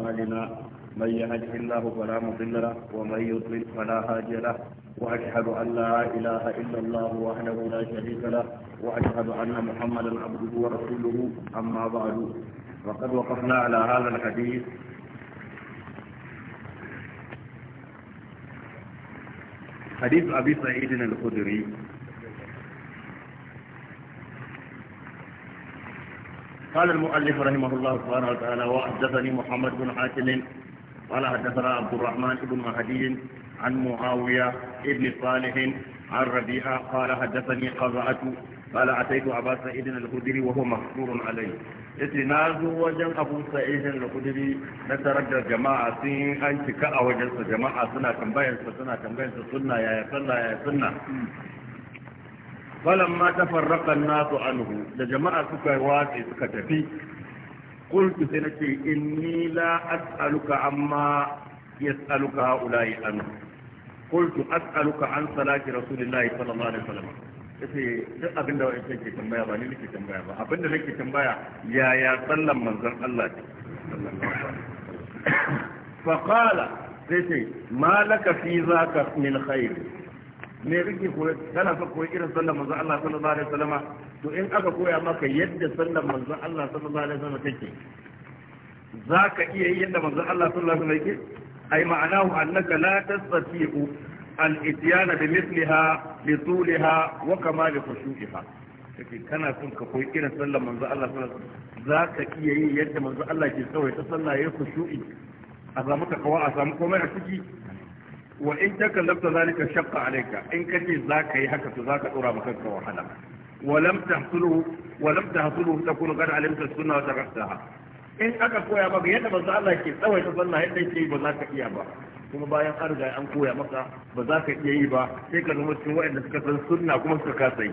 أعمالنا من يهده الله فلا مضل له ومن يضلل فلا هادي له وأشهد أن لا إله إلا الله وحده لا شريك له وأشهد أن محمدا عبده ورسوله أما بعد وقد وقفنا على هذا الحديث حديث أبي سعيد الخدري قال المؤلف رحمه الله سبحانه وتعالى وحدثني محمد بن حاتم قال حدثنا عبد الرحمن بن مهدي عن معاوية بن صالح عن ربيعة قال حدثني قضاءة قال أتيت أبا سعيد الخدري وهو مكسور عليه اتناز وجن أبو سعيد الخدري نترجى جماعة سين أنت كأ جماعة سنة كمبين سنة كمبين سنة يا سنة يا سنة فلما تفرق الناس عنه لجماعة سكوات سكتفي قلت سنتي إني لا أسألك عما يسألك هؤلاء عنه قلت أسألك عن صلاة رسول الله صلى الله عليه وسلم sai duk abin da wa'in ke tambaya ba ni nake tambaya ba abin da nake tambaya ya sallan manzon Allah ce fa qala sai sai ma laka fi zaka min me kake koyi kana son koyi irin sallar manzon Allah sallallahu alaihi wasallam to in aka koya maka yadda sallar manzon Allah sallallahu alaihi wasallam take zaka iya yin yadda manzon Allah sallallahu alaihi wasallam yake ai ma'anahu annaka la tastati'u al-ityan bi mithliha li tuliha wa kamal khushu'iha kake kana son ka koyi irin sallar manzon Allah sallallahu alaihi wasallam zaka iya yin yadda manzon Allah ke tsawaita sallah ya khushu'i a samu takawa a samu komai a ciki wa in takallabta zalika shaqqa alayka in kace ka yi haka to zaka dora maka kanka wahala wa lam tahsulu wa lam tahsulu takun qad alimta sunna wa tarakta in aka koya maka yadda manzo Allah ke tsawaita sallah yadda yake ba za ka iya ba kuma bayan an riga an koya maka ba za ka iya yi ba sai ka zama cikin waɗanda suka san sunna kuma suka kasa yi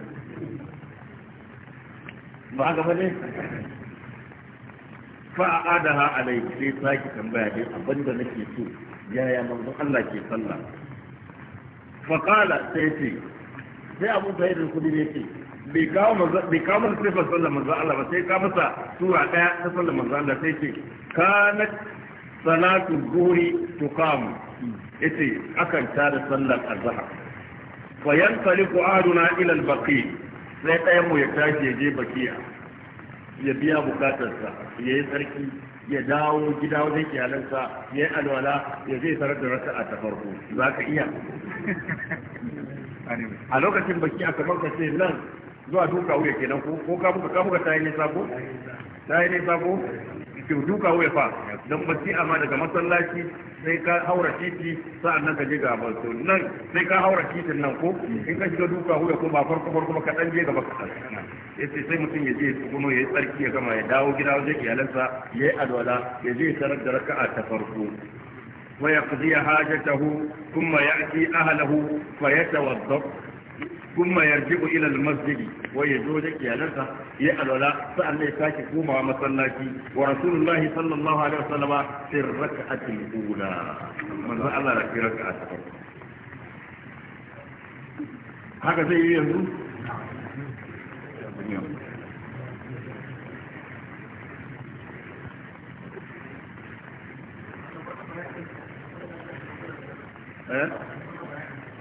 ba haka ba ne fa adaha alayhi sai saki tambaya dai abinda nake so yaya manzon Allah ke sallah faqala sai ce sai abu da irin kudi ne ce bai kawo manzon bai kawo sifar sallar manzon Allah ba sai ka masa sura daya ta sallar manzon Allah sai ce kana salatu zuhri tuqam yace akan tada sallar azhar fa yanqaliqu aduna ila al-baqi sai ɗayan mu ya tashi je bakiya ya biya bukatarsa ya yi ya dawo gida wajen iyalansa ya yi alwala ya zai tarar da rasa a ta farko za ka iya a lokacin baki a tafarko sai nan zuwa duka wuya kenan ko ko ka buga ka ta tayi ne sako tayi ne sako ki duka wuya fa don baki ma daga masallaci sai ka haura titi nan ka je ga balto nan sai ka haura titin nan ko in ka shiga duka wuya ko ba farko farko ka dan je gaba ka yace sai mutum ya je ya tsuguno ya yi tsarki ya gama ya dawo gida wajen iyalansa ya yi alwala ya je da raka'a ta farko wa yaqdi hajatahu thumma ya'ti ahlihi fa yatawadda thumma yarji'u ila wa wajen iyalansa ya yi alwala sa'an sake koma masallaci wa rasulullahi sallallahu alaihi wasallama ula manzo Allah da raka'a ta farko haka zai yi yanzu ها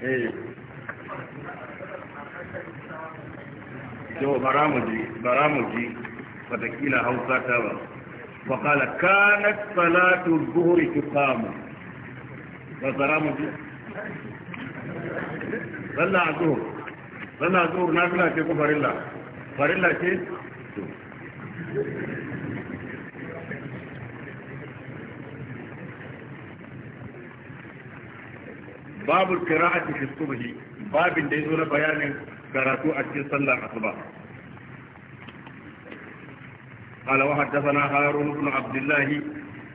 ايه جو برامجي برامجي فتكيل وقال كانت صلاة الظهر تقام وبرامجي صلى الظهر الظهر نازلة في الله farilla ce babu qira'ati fi subhi babin da ya zo na bayanin karatu a cikin sallar asuba قال وحدثنا هارون بن عبد الله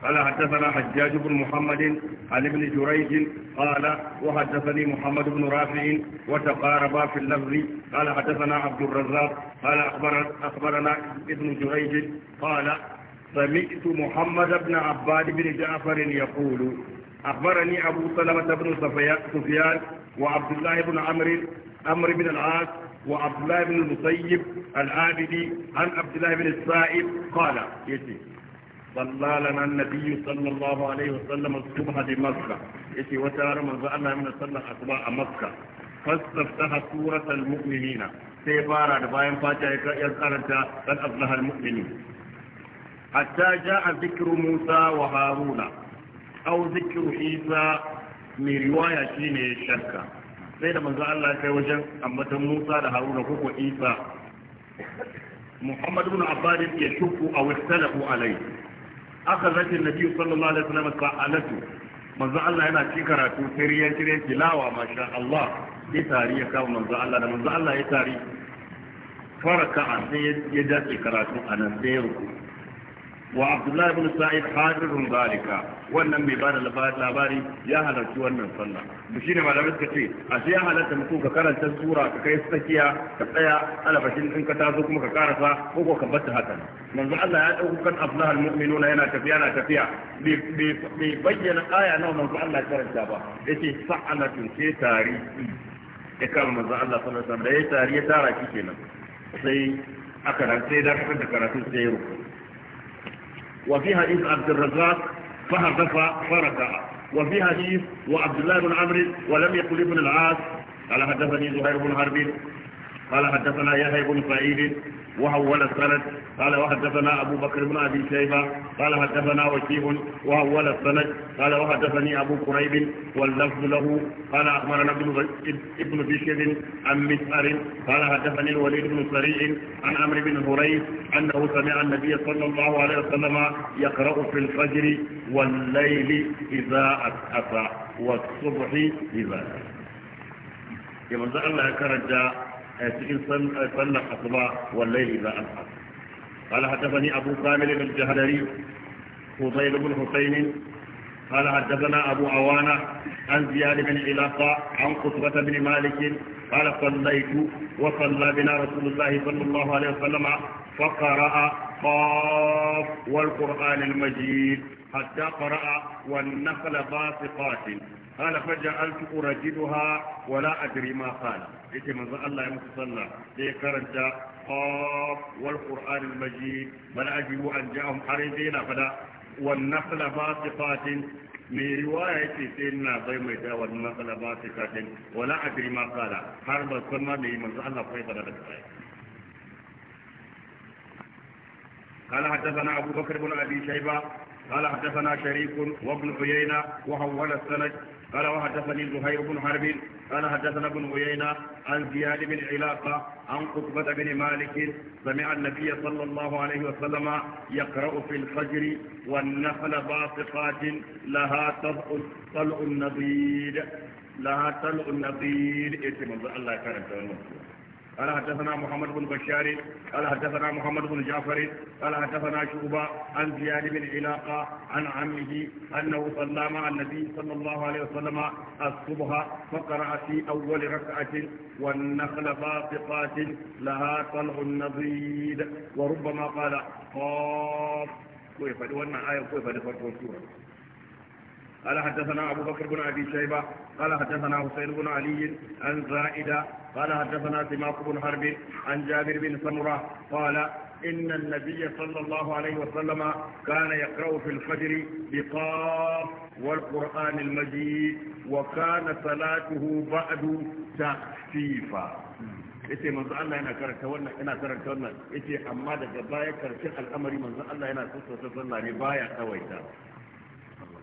قال حدثنا حجاج بن محمد عن ابن جريج قال وحدثني محمد بن رافع وتقاربا في اللفظ قال حدثنا عبد الرزاق قال أخبرنا ابن جريج قال سمعت محمد بن عباد بن جعفر يقول أخبرني أبو سلمة بن سفيان وعبد الله بن عمرو عمرو بن العاص وعبد الله بن المسيب العابدي عن عبد الله بن السائب قال يسير صلى لنا النبي صلى الله عليه وسلم الصبح بمكة يتي وتار من زعلنا من صلى أصباء مكة فاستفتح سورة المؤمنين سيبارا دباين فاتح يزعلت قد أصلح المؤمنين حتى جاء ذكر موسى وهارون أو ذكر عيسى من رواية شيني شكا sai da manzo Allah kai wajen ambatan Musa da Haruna ko ko Isa Muhammad ibn Abbad ya shukku aw istalafu alayhi aka zace nabi sallallahu alaihi wasallam sa'alatu manzo Allah yana ci karatu sai riyan kire tilawa masha Allah sai tari ya kawo manzo Allah da manzo Allah ya tari faraka an sai ya dace karatu anan sai ruku wa abdullahi ibn sa'id hadirun zalika wannan mai bada labari ya halarci wannan sallah to shine malamai suka ce ashe ya halarta mutum ka karanta sura ka kai tsakiya ka tsaya alafashin din ka tazo kuma ka karasa ko ko ka bata haka manzo Allah ya dauko kan abdullahi almu'minuna yana tafiya yana tafiya bai bayyana aya nawa manzo Allah ya karanta ba yace sa'alatun ke tari ya kama manzo Allah sallallahu alaihi wasallam da ya tari ya tara shi kenan sai aka ran sai da karatu sai ya rubuta وفيها حديث عبد الرزاق فهدف فركع وفي حديث وعبد الله بن عمرو ولم يقل ابن العاص على حدثني زهير بن حرب قال حدثنا يحيى بن سعيد وهو السند قال وحدثنا أبو بكر بن أبي شيبة قال حدثنا وكيع وهو السند قال وحدثني أبو كريب واللفظ له قال أخبرنا ابن ابن بشير عن مسعر قال حدثني الوليد بن سريع عن عمرو بن هريث أنه سمع النبي صلى الله عليه وسلم يقرأ في الفجر والليل إذا اتى والصبح إذا يمنزل الله كرجا cikin صلى asuba والليل إذا asfa قال حدثني أبو كامل الجهدري فضيل بن حسين قال حدثنا أبو عوانة عن زياد بن علاقة عن قطبة بن مالك قال صليت وصلى بنا رسول الله صلى الله عليه وسلم فقرأ قاف والقرآن المجيد حتى قرأ والنخل باسقات قال فجعلت أرجدها ولا أدري ما قال yake manzon Allah ya musu sallah sai ya karanta qaf wal qur'an al majid bal ajibu an ja'ahum haridina fada wan nafla riwaya yake sai na bai mai da wannan nafla wala adri ma qala har ba san ma manzon Allah fa fada da kai قال حدثنا أبو بكر بن أبي شيبة قال حدثنا شريك وابن عيينة السند قال وحدثني زهير بن حرب قال حدثنا ابن عيينة عن زياد بن علاقة عن قطبة بن مالك سمع النبي صلى الله عليه وسلم يقرأ في الفجر والنخل باسقات لها طلع النضيد لها طلع النضيد اسم إيه الله كرمته قال حدثنا محمد بن بشار قال حدثنا محمد بن جعفر قال حدثنا شعبة عن زياد بن علاقة عن عمه أنه صلى مع النبي صلى الله عليه وسلم الصبح فقرأ في أول ركعة والنخل باسقات لها طلع نضيد وربما قال قاف كيف معايا آية كيف لفرق قال حدثنا أبو بكر بن أبي شيبة قال حدثنا حسين بن علي عن زائدة قال حدثنا سماق بن حرب عن جابر بن سمرة قال إن النبي صلى الله عليه وسلم كان يقرأ في الفجر بقاف والقرآن المجيد وكان صلاته بعد تخفيفا yace manzo Allah yana karanta wannan هنا karanta wannan yace amma daga baya karshen al'amari manzo Allah yana sassauta sallah ne baya tsawaita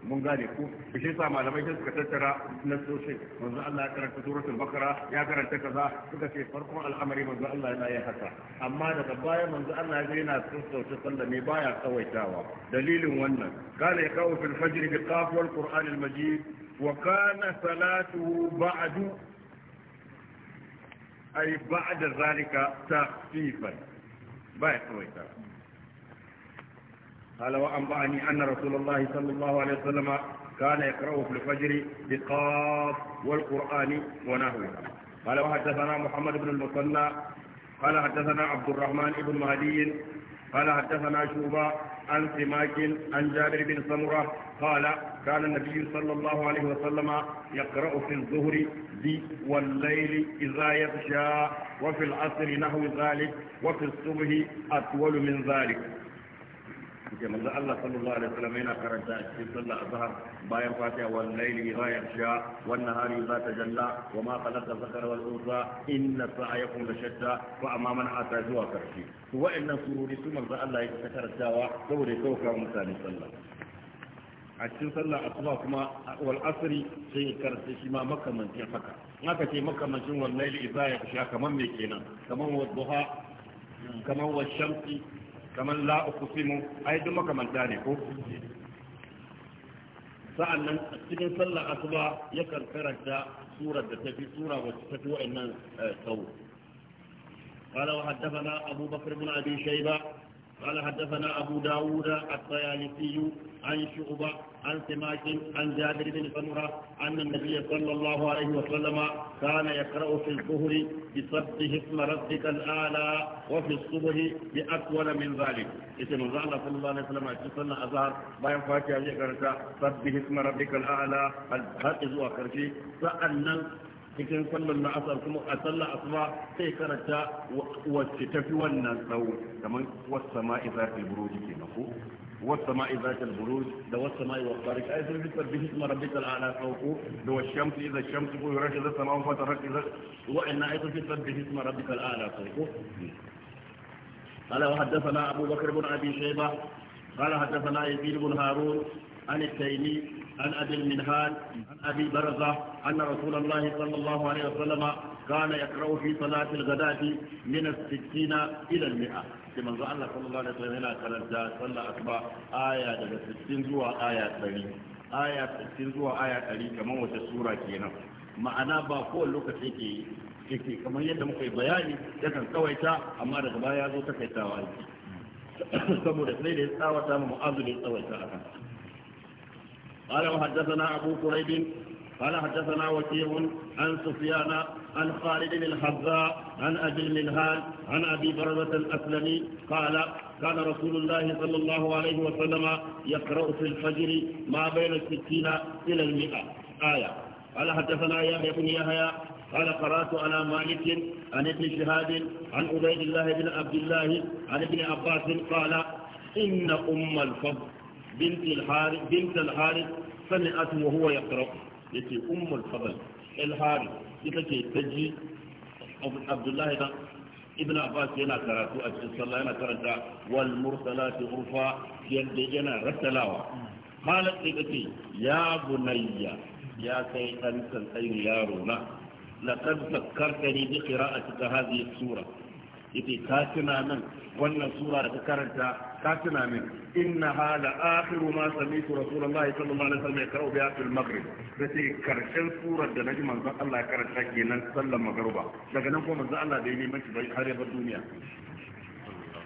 mun gane ku ku shi sa malamai sai suka tattara nasoshin manzo Allah ya karanta suratul bakara ya karanta kaza suka ce farkon al'amari manzo Allah ya yin haka amma daga baya manzo Allah ya yana sassauta sallah ne baya kawaitawa dalilin wannan kana ya kawo fil fajr bi qaf wal qur'an al majid wa kana salatuhu ba'du ay ba'da zalika baya قال وأنبأني أن رسول الله صلى الله عليه وسلم كان يقرأ في الفجر بقاف والقرآن ونهوه قال وحدثنا محمد بن المصلى قال حدثنا عبد الرحمن بن مهدي قال حدثنا شوبة عن سماك عن جابر بن سمرة قال كان النبي صلى الله عليه وسلم يقرأ في الظهر ب والليل إذا يغشى وفي العصر نحو ذلك وفي الصبح أطول من ذلك yake manzo Allah sallallahu alaihi wasallam yana karanta a cikin sallar azhar bayan fatiha wal layli idha yaghsha wan nahari idha tajalla wa ma khalaqa dhakara wal unsa inna sa'yakum la shatta wa amma man ata zuwa karshe to wa'annan surori su manzo Allah yake ta karantawa saboda ya sauka mutane sallah a cikin sallar asuba kuma wal asri sai karanta shi ma makamancin haka haka ce makamancin wal layli idha yaghsha kaman me kenan kaman wadduha kaman washamsi kaman la uqsimu ai duk makamanta ne ko sa'annan cikin sallar asuba yakan karanta surar da tafi sura wacce tafi wa'annan eh, tsawo قال وحدثنا أبو بكر بن أبي شيبة قال حدثنا أبو داود الطيالسي عن شعبة عن سماك عن جابر بن سمرة أن النبي صلى الله عليه وسلم كان يقرأ في الظهر بسبح اسم ربك الأعلى وفي الصبح بأطول من ذلك إذن الله صلى الله عليه وسلم أتصلنا أظهر بايم فاتحة يقرأ سبح اسم ربك الأعلى الحق زوا كرشي فأنا cikin sallar na asar kuma a sallar asuba sai karanta wacce ta fi wannan tsawo kamar wasu ma'i za ta buruji ke mako wasu ma'i za ta da wasu ma'i wasu tarik ai sun fitar bihis marabita al'ada tsawo da wasu shamsu iza shamsu ko rashin zasu samu fata rashin zasu wa'annan ai sun fitar bihis marabita al'ada tsawo قال وحدثنا أبو بكر بن أبي شيبة قال حدثنا يزيد بن هارون عن التيمي عن أبي المنهال عن أبي برزة أن رسول الله صلى الله عليه وسلم كان يقرأ في صلاة الغداة من الستين إلى المئة كما قال الله صلى الله عليه وسلم كانت صلى أكبر آية من الستين زوا آية تري آية ستين زوا آية تري كما وجه السورة كينا ma'ana ba kowane lokaci ke yake kamar yadda muka yi bayani yakan tsawaita amma daga baya ya zo takaitawa saboda sai da ya tsawata mu mu'azu da ya tsawaita a kan قال وحدثنا أبو كريب قال حدثنا وكيع عن سفيان عن خالد الحذاء عن أبي المنهال عن أبي بردة الأسلمي قال كان رسول الله صلى الله عليه وسلم يقرأ في الفجر ما بين الستين إلى المئة آية قال حدثنا يا بن يحيى قال قرأت على مالك عن ابن شهاد عن عبيد الله بن عبد الله عن ابن عباس قال إن أم الفضل bintul harith bintul harith sami'at wa huwa yaqra yace ummul fadl al harith ita ce abdullahi ibn abbas yana karatu a cikin sallah yana karanta wal mursalati urfa yadda yana rattalawa malam sai kace ya bunayya ya kai dan ya yaro na bi sura yace katina nan wannan sura da ka karanta ka min inna hala akhiru ma sami'tu rasulullahi sallallahu alaihi wasallam yaqra'u biha fil maghrib yace karshen surar da naji manzon Allah ya karanta kenan sallan magruba daga nan kuma manzon Allah da ya neman bai har ya duniya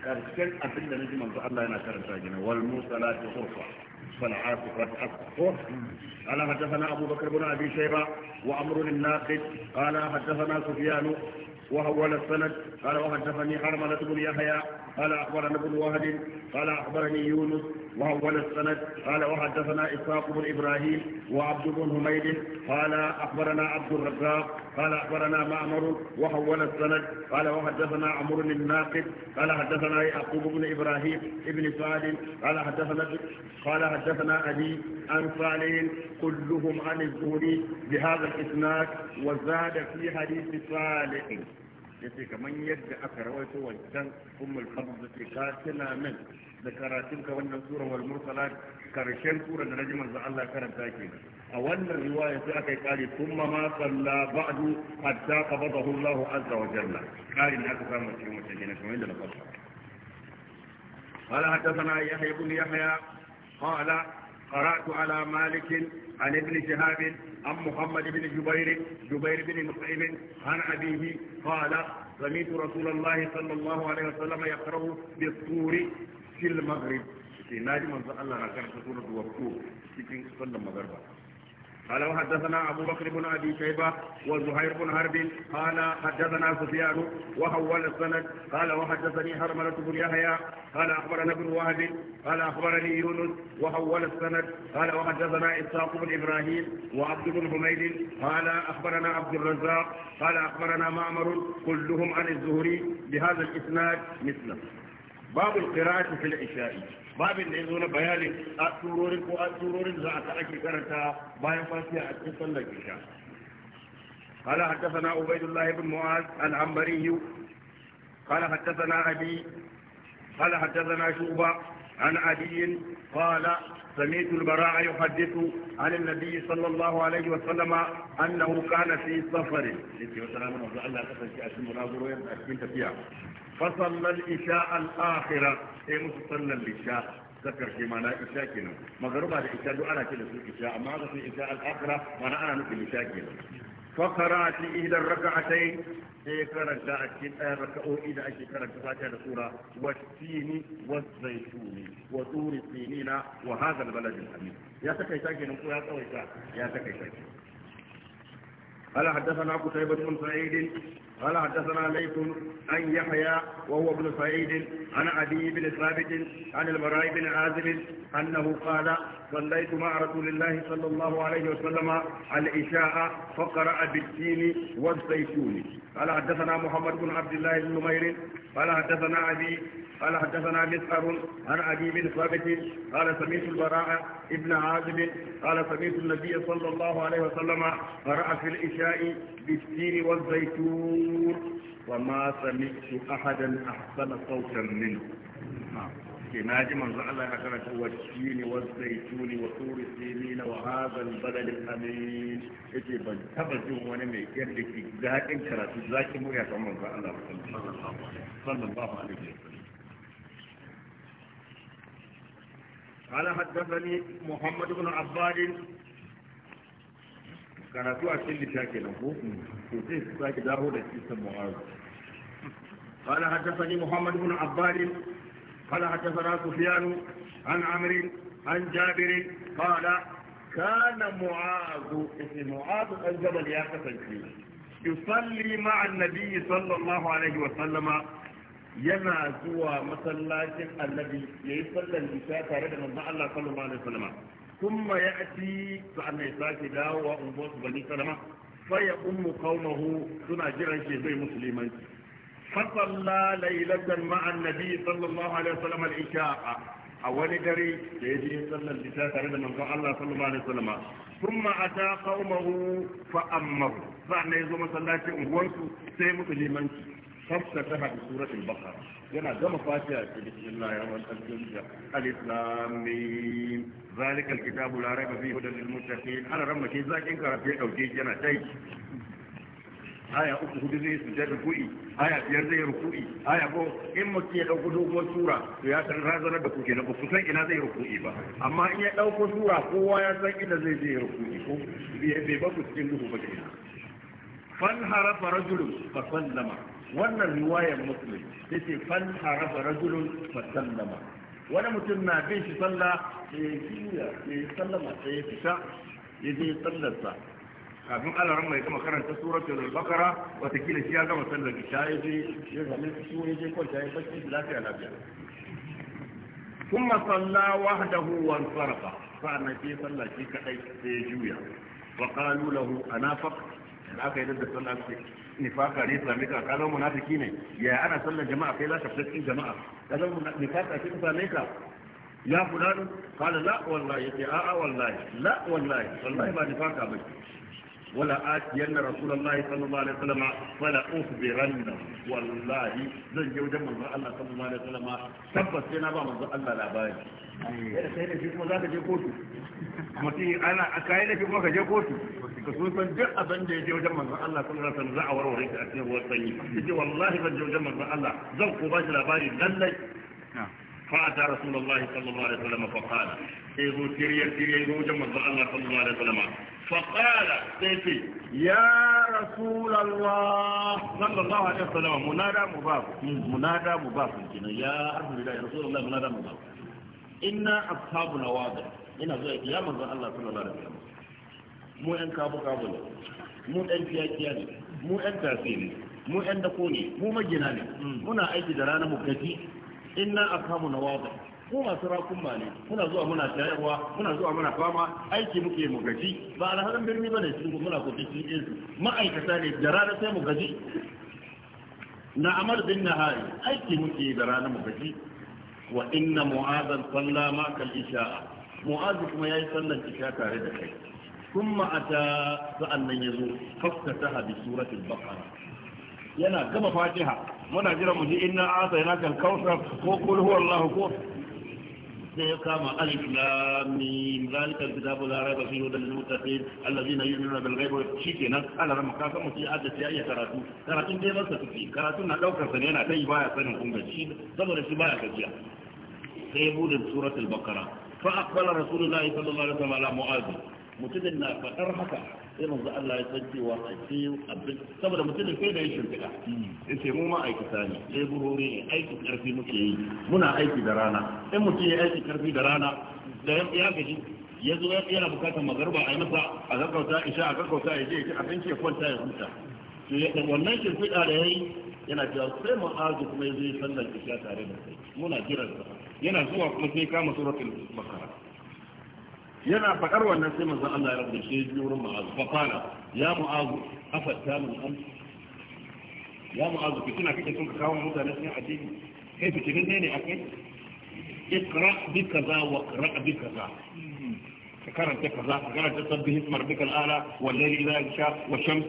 karshen abin da naji manzon Allah yana karanta kenan wal musalatu hurfa فالعاصفة أكثر قال حدثنا أبو بكر بن أبي شيبة وأمر الناقد قال حدثنا سفيان وهو السند قال وحدثني حرملة بن يحيى قال أخبرنا ابن وهب قال أخبرني يونس وهو السند قال وحدثنا إسحاق بن إبراهيم وعبد بن حميد قال أخبرنا عبد الرزاق قال أخبرنا معمر وهو السند قال وحدثنا بن الناقد قال حدثنا يعقوب بن إبراهيم بن سعد قال حدثنا قال حدثنا أبي عن صالح كلهم عن الزهري بهذا الإسناد وزاد في حديث صالح yace kamar yadda aka rawaito wancan ummul fadl da ke ka tana min da karatun ka wannan sura wal mursalat karshen sura da naji manzo Allah karanta ke a wannan riwaya sai aka yi kare kuma ma salla ba'du hatta qabadahu Allah azza wa jalla karin da aka samu cikin wannan gina kamar yadda na faɗa قال حدثنا يحيى بن يحيى قال قرأت على مالك عن ابن شهاب عن محمد بن جبير جبير بن مطعم عن أبيه قال سمعت رسول الله صلى الله عليه وسلم يقرأ بالطور في المغرب في نادي من الله نكرت سورة والطور في صلى المغرب قال وحدثنا أبو بكر بن أبي شيبة وزهير بن حرب قال حدثنا سفيان وحول السند قال وحدثني حرملة بن يحيى قال أخبرنا ابن وهب قال أخبرني يونس وحول السند قال وحدثنا إسحاق بن إبراهيم وعبد بن حميد قال أخبرنا عبد الرزاق قال أخبرنا معمر كلهم عن الزهري بهذا الإسناد مثله باب القراءة في العشاء babin da ya zo na bayani a turorin ko a turorin za a ake karanta bayan fasiya a cikin sallar isha قال حدثنا عبيد الله بن معاذ العنبري قال حدثنا أبي قال حدثنا شعبة عن أبي قال سميت البراء يحدث عن النبي صلى الله عليه وسلم أنه كان في سفر. فصلى العشاء الآخرة أي مصلى العشاء zakar shi mana isha kenan magaruba da isha duk ana da su isha amma aka sun isha al-akhira mana ana nufin isha kenan fa qara'ati ihdar rak'atayn sai karanta a cikin ɗayan raka'o'i da ake karanta fatiha da sura wa tini wa zaituni wa turi sinina wa hadha al-balad al-amin ya ko ya tsawaita ya بن سعيد قال حدثنا ليث عن يحيى وهو ابن سعيد عن عدي بن ثابت عن البراء بن عازب انه قال صليت مع رسول الله صلى الله عليه وسلم العشاء فقرا بالتين والزيتون قال حدثنا محمد بن عبد الله بن نمير قال حدثنا ابي قال حدثنا مسعر عن ابي بن ثابت قال سمعت البراء ابن عازب قال سمعت النبي صلى الله عليه وسلم قرا في العشاء بالتين والزيتون الرسول وما سمعت أحدا أحسن صوتا منه ناجي من زعل أكرت والتين والزيتون وطور السينين وهذا البلد الأمين إتي بل تبزون ونمي يدك ذاك إن كرات ذاك مريا كما زعل صلى الله عليه وسلم قال حدثني محمد بن عباد karatu a cikin littafi na ko to sai su sake dawo da kisan mu'azu قال حدثني محمد بن عباد قال حدثنا سفيان عن عمرو عن جابر قال كان معاذ اسم معاذ بن جبل يا يصلي مع النبي صلى الله عليه وسلم yana zuwa masallacin annabi ya yi sallar isha tare da manzon Allah sallallahu alaihi ثم يأتي فأنا يساكي دا وأنبوس بني سلمة فيقوم قومه سناجرا شيء مسلما فصلى ليلة مع النبي صلى الله عليه وسلم العشاء أول دري يجي صلى العشاء ترد من الله صلى الله عليه وسلم ثم أتى قومه فأمره فأنا يزوم صلاة أنبوس سيمسلما فافتتح بسورة البقرة جمع جمع فاتحة بسم الله يا رب الجنجة الإسلامين ذلك الكتاب لا ريب فيه هدى للمتقين أنا رمى كيف ذاك إنك ربي أو كيف جمع تيج آية أخو هدزي سجاد الكوئي آية فيرزي ركوئي آية بو إما كي لو كدو كو سورة ياسر رازنا بكوكي نبو فسن إنا زي ركوئي با أما إيا لو كو سورة فو ياسر إنا زي زي ركوئي بيبا بسكين دوه بكينا فانهرف رجل فسلمه wannan riwayar muslim ce fan haraba rajulun fa sallama wani mutum na bin shi sallah sai ya juya sai ya sallama sai ya fita ya je sallarsa kafin alaran mai gama karanta suratul bakara watakila shi ya gama sallar isha ya je ya zame su ya je kwanta ya bacci shi lafiya lafiya kuma salla wahdahu wa sarafa sa'an sai sallah shi kadai sai ya juya wa qalu lahu anafaq da aka yi da sallah ce nifaka ne sami ka ka zama munafiki ne ya ana sallar jama'a kai za ka fita cikin jama'a ka zama nifaka ce ka same ka ya fulanu kala la wallahi ya a'a wallahi la wallahi wallahi ba nifaka ba ولا أن رسول الله صلى الله عليه وسلم ولا أخبرن والله زي وجمع الله صلى الله عليه وسلم تبس لنا بعض الله لا باي إيه. إيه، سيدة في مزاك جيكوتو متي أنا أكايلة في مزاك جيكوتو كسوس من جاء بندي جي وجمع الله صلى الله عليه وسلم زعوا روحي أتنى هو الطيب جي والله فجي الله زوق باش لا باي للي نعم. رسول الله صلى الله عليه وسلم فقال إيه تيريا تيريا إيه وجمع الله صلى الله عليه وسلم فقال سيتي يا رسول الله صلى الله عليه وسلم منادى مضاف منادى مضاف يا رسول الله منادى مضاف إنا أصحابنا واضح إنا زيك يا من الله صلى الله عليه وسلم mu ɗan kabu kabu ne mu ɗan kiyakiya ne mu ɗan tafi ne mu ɗan dako ne mu magina ne muna aiki da rana mu gaji inna akamu na wada ko masu ma ne muna zuwa muna tayarwa muna zuwa muna fama aiki muke mu gaji ba a alhalin birni ba ne bane ko muna kofi cikin yanzu ma'aikata ne da rana sai mu gaji na amar bin nahari aiki muke da rana mu gaji wa inna mu'azan salla ma kal isha'a mu'azu kuma yayi sallan isha tare da kai kuma ata zo yazo ta bi suratul baqara yana gama fatiha muna jira mu ji inna yana kan kautsar ko qul huwallahu ko sai ya kama alif lam zalika alkitabu la raiba fihi hudan lil muttaqin alladhina yu'minuna bil ghaibi shikenan ala ran ka san mutum adda sai ya karatu karatun dai na daukar sa ne yana kai baya sanin kunga shi saboda shi baya gajiya sai ya bude suratul baqara fa aqbala rasulullahi sallallahu alaihi ala mu'adh na fadar haka sai manzo Allah ya san cewa a ce abin saboda mutumin sai da ya shimfiɗa yace mu ma'aikata ne leburori ne aiki karfi muke yi muna aiki da rana in mutum ya aiki karfi da rana da ya gaji ya zo yana bukatar magarba a yi masa a gaggauta isha a gaggauta ya je ya ci abinci ya kwanta ya huta to wannan shimfiɗa da ya yi yana cewa sai ma'azu kuma ya zo ya sallar isha tare da kai muna jiran sa yana zuwa kuma sai kama suratul bakara yana faɗar wannan sai manzon Allah ya rubuta shi wurin ma'azu fa fara ya mu'azu afatta min am ya mu'azu ki tuna kake son ka kawo mutane cikin addini kai fitinin ne ne akai اقرأ بكذا واقرأ بكذا فكرت كذا فكرت تسبه اسم ربك الأعلى والليل إذا يغشى والشمس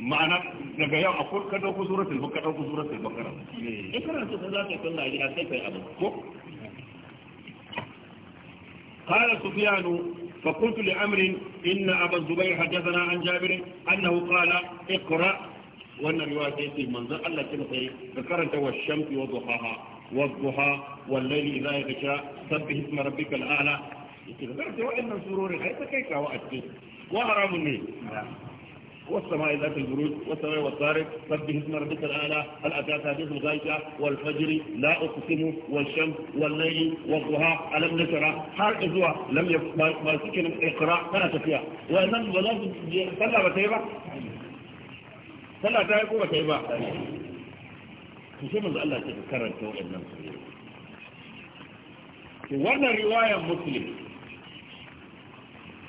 ma'ana daga yau a kurka ɗauko suratul baka ɗauko suratul bakara in kana so za ka kalla a gida sai kai abu ko قال سفيان فقلت لأمر إن أبا الزبير حدثنا عن جابر أنه قال اقرأ وأن رواية المنظر الله كمسي ذكرت والشمس وضحاها والضحى والليل إذا يغشى سبح اسم ربك الأعلى ذكرت وإن سرور حيث كيف وأتي وحرام مني والسماء ذات البروج والسماء والطارق سبح اسم ربك الاعلى هل اتاك حديث الغاشيه والفجر لا اقسم والشمس والليل والضحى الم نشرع har zuwa masu kinin ikra tana tafiya wannan ba za su sallah ba ta yi ba sallah ta yi ko ba ta yi ba manzo Allah ya karanta wannan wannan riwayar muslim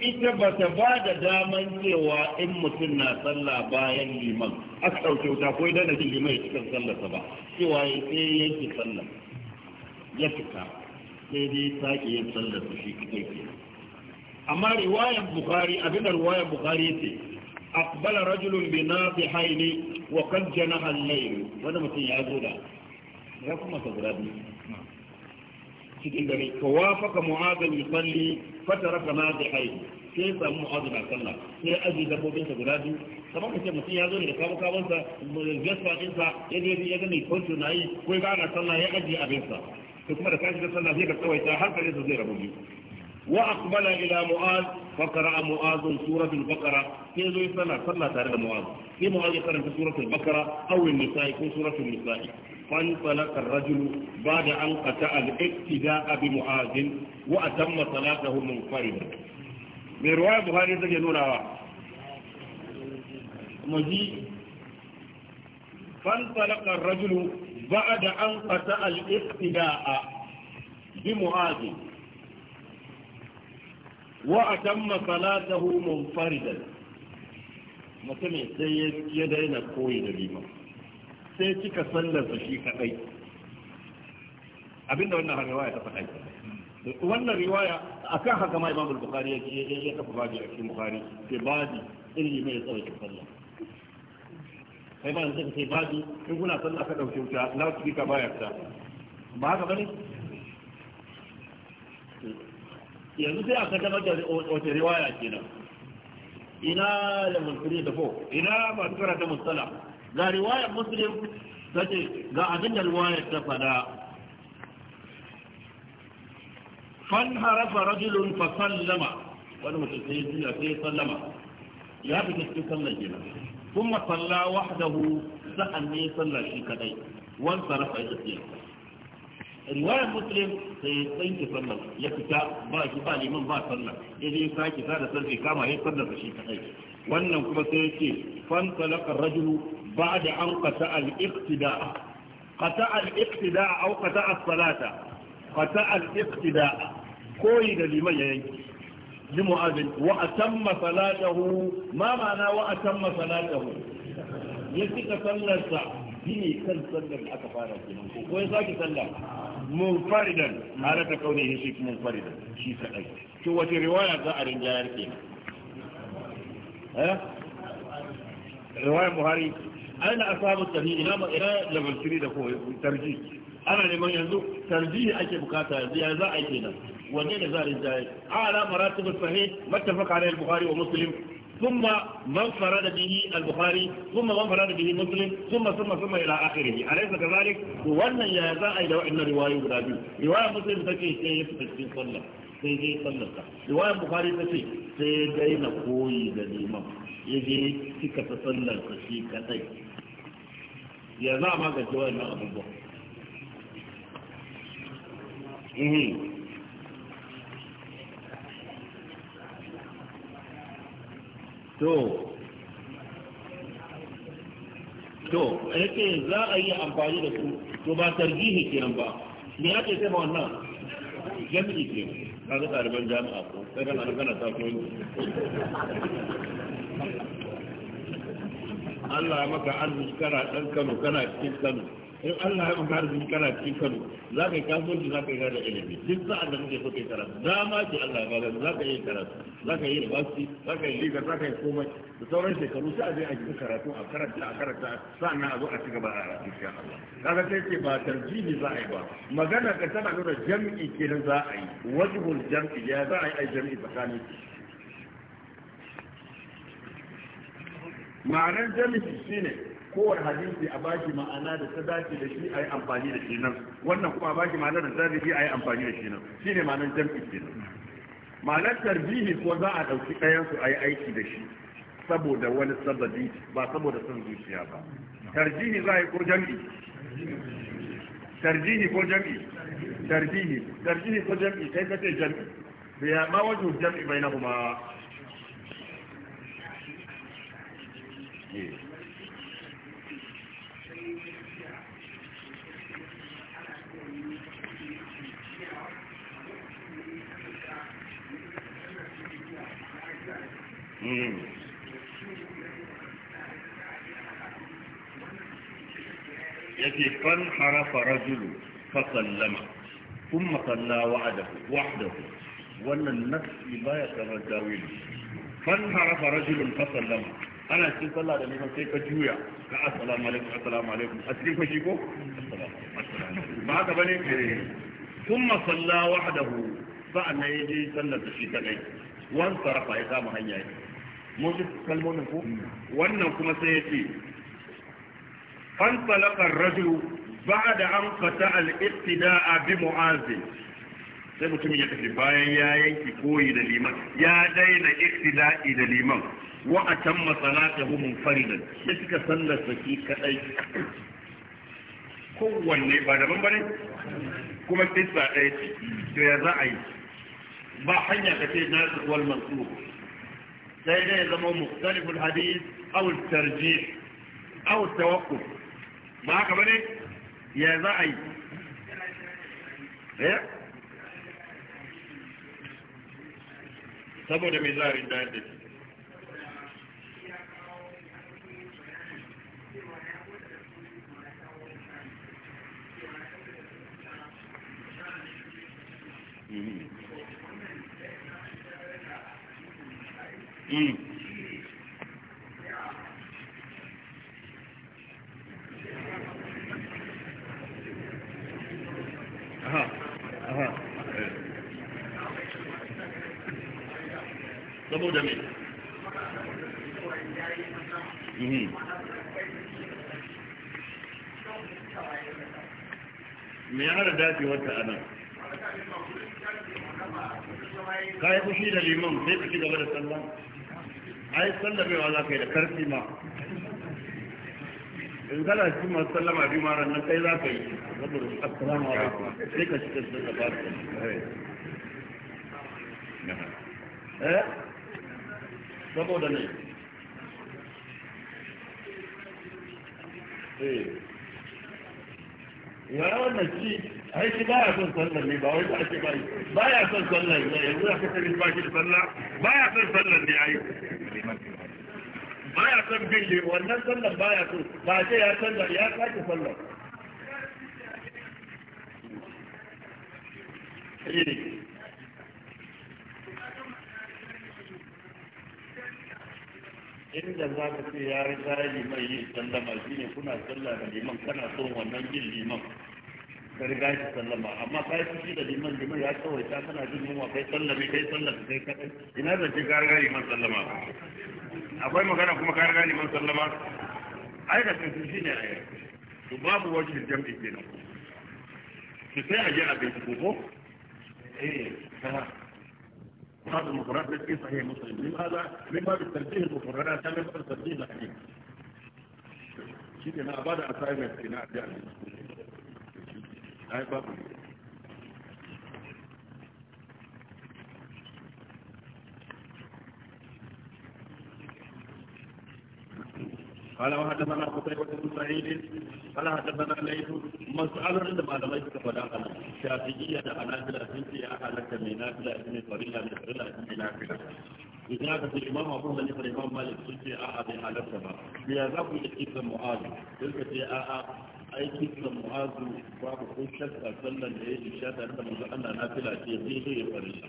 ita ba ta ba da daman cewa in mutum na sallah bayan liman a ɗauke wuta ko idan da liman ya cikin sallarsa ba cewa ya sai yanke sallah ya fita sai dai sake yin sallar shi kai ke amma riwayar bukhari abin da riwayar bukhari ce aqbala rajulun bi nadihaini wa qad janaha al-layl mutum ya zo da ya kuma ta guda biyu cikin dare to wafaka mu'adhan yusalli fataraka ma bi hayy sai samu mu'adhan sallah sai aji dabbobin sa guda biyu kamar ce mutum ya zo ne da kawo kawon sa gasfa din sa ya je ya ga mai kwanto na yi ko ga sallah ya aji abin sa to kuma da kashi da sallah sai ka tsawaita har kare sa zai rabu biyu وأقبل إلى معاذ فقرأ معاذ سورة البقرة في ذي صلى صلى تعالى معاذ في معاذ قرأ سورة البقرة ko النساء في سورة النساء فانطلق الرجل بعد أن قطع الاقتداء بمعاذ وأتم صلاته منفردا من رواية بخاري زكي نورا مجيء فانطلق الرجل بعد أن قطع الاقتداء بمعاذ وأتم صلاته منفردا ما sai ya daina قوي da sai cika sallarsa shi kadai abinda wannan riwaya ta faɗa wannan riwaya akan haka ma Imam Bukhari ya ya kafa babi a cikin Bukhari sai babi ilmi mai tsawon sallah sai ba zai sai babi in kuna sallah ka dauke wuta na ki ka bayar ta ba haka bane yanzu sai aka tabbatar da wata riwaya kenan ina da mulkuri da fo ina ba tukara da musalla ga riwayar muslim ta ce ga abin da riwayar ta fada fan harafa rajulun fa sallama wani mutum sai juya sai sallama ya fi cikin sallar gina kuma salla wahdahu sa'an ne sallar shi kadai wan sarafa ya tafiya riwayar muslim sai tsanki sallar ya fita ba shi ba liman ba sallar ya je sake sa da sarki kama ya sallar shi kadai wannan kuma sai ya ce fan talakar rajulu بعد أن قطع الاقتداء قطع الاقتداء أو قطع الصلاة قطع الاقتداء كوي لمن ينكي لمؤذن وأتم صلاته ما معنى وأتم صلاته يسك صلى ديني كان صلى الأكفارة ويساك صلى منفردا على كونه شيء منفردا شيء سأل شو وتي رواية ظهر جاير كينا ها رواية بخاري aina ashabu tsari ina ma ina da ko tarji ana neman yanzu tarji ake bukata yanzu ya za a yi kenan wanne da za a rinjaye ala maratib sahih muttafaq alayhi al-bukhari wa muslim ثم من فرد به البخاري ثم من فرد به مسلم ثم ثم ثم الى اخره اليس كذلك وانا يا ذا اي روايه غدا روايه مسلم تكي شيء في الصلاه sai dai sallarsa riwayar bukhari ta ce sai na koyi da liman ya je cika ta sallarsa shi kadai ya za ma ga na abubuwa mhm. to to yake za a yi amfani da su to ba tarjihi kenan ba me ya ce sai wannan jami'i kenan ka ɗaliban jami'a ko sai kana nan kana kasuwanci Allah ya maka arziki kana ɗan Kano kana cikin Kano in Allah ya maka arziki kana cikin Kano za ka yi kasuwanci za ka yi gada ilimi duk sa'ad da kake so kai karatu dama ce Allah ya baka za ka yi karatu za ka yi university za ka yi liga za ka yi komai da sauran shekaru sai a je a cikin karatu a karanta a karanta sa'an a zo a ci gaba a insha Allah kaga sai ce ba tarjihi za a yi ba magana ka tana nuna jam'i kenan za a yi wajibul jam'i ya za a yi jam'i tsakanin ma'anar jami'i shine kowane hadisi a bashi ma'ana da ta dace da shi a yi amfani da shi nan wannan kuma a bashi ma'ana da ta dace a yi amfani da shi nan shi ne ma'anar jam'i ke nan ma'anar tarbihi ko za a ɗauki ɗayansu a yi aiki da shi saboda wani sababi ba saboda son zuciya ba tarjihi za a yi ko jam'i tarjihi ko jam'i tarjihi tarjihi ko jam'i kai kace jam'i ya wajen jam'i bainahuma Yeah. Hmm. yake fan harafa rajulu fa sallama kuma salla wa'adahu wahdahu wannan nafsi baya kamar dawil fan harafa rajulun fa sallama ana cikin sallah da neman sai ka juya ka assalamu alaikum assalamu alaikum a cikin fashi ko ba haka bane kuma eh. salla wahdahu sa'an yayi sallar da shi kadai Wani sarafa ya kama hanya yake mun ji kalmomin ku hmm. wannan kuma sai ya ce an talakar rajulu ba da an fata al'ibtida'a bi mu'azin sai mutum ya tafi bayan ya yanki koyi da liman ya daina iktida'i da liman wa a can masalata humun faridan ya suka sallar saki kadai kowanne ba daban bane kuma kisa ɗaya ce ya za a yi ba hanya ka ce na nasu wal mansur sai dai zama mukhtaliful hadith aw tarjih aw tawaqquf ba haka bane ya za a yi eh saboda mai zarin da yadda Mm-hmm. saboda mai mhm. me ya hada dacewarta a nan ka yi fushi da liman sai ka ci gaba da sallah ai sallamewa za ka yi da karfi ma in kana cikin masu sallama biyu mara nan kai za ka yi saboda assalamu alaikum sai ka ba eh? eh saboda ne eh ya wannan ai shi baya son sallar ne ba wai ba ake ba baya son sallar ne yanzu aka tabbata ba shi da sallah baya son sallar ne ai baya son bin wannan sallan baya so ba ce ya canza ya sake sallan inda za ka ce ya riga liman yin sallama shi ne kuna sallah da liman kana son wannan jin liman ka riga shi sallama amma ka yi fushi da liman liman ya kawai ta kana jin yunwa kai sallame kai sallama kai kaɗai ina zan ce ka riga liman sallama akwai magana kuma ka riga liman sallama ai da sun shi ne ai to babu wajin jam'i kenan to sai a je a gaishe ko eh بعض المفردات التي صحيح مسلم لماذا؟ لما بالترجيح المفردات كان يفعل ترجيح الحديث شيء أنا أبدا أسائل الاقتناع يعني أي باب قال وحدثنا قتيبة بن سعيد قال حدثنا ليث مسألة عند ما لم يكن فلا أنا شافعية أنا بلا سنتي أهل كمينا بلا اسم قرينا من قرينا اسم نافلة إذا كنت الإمام أبو مليك الإمام مالك سنتي أحد أهل سبا في أذاب يكيد المعاذ تلك في أهل أي كيد معاذ باب خشك أصلا لأيه الشافع عند مسألة نافلة في غير قرينا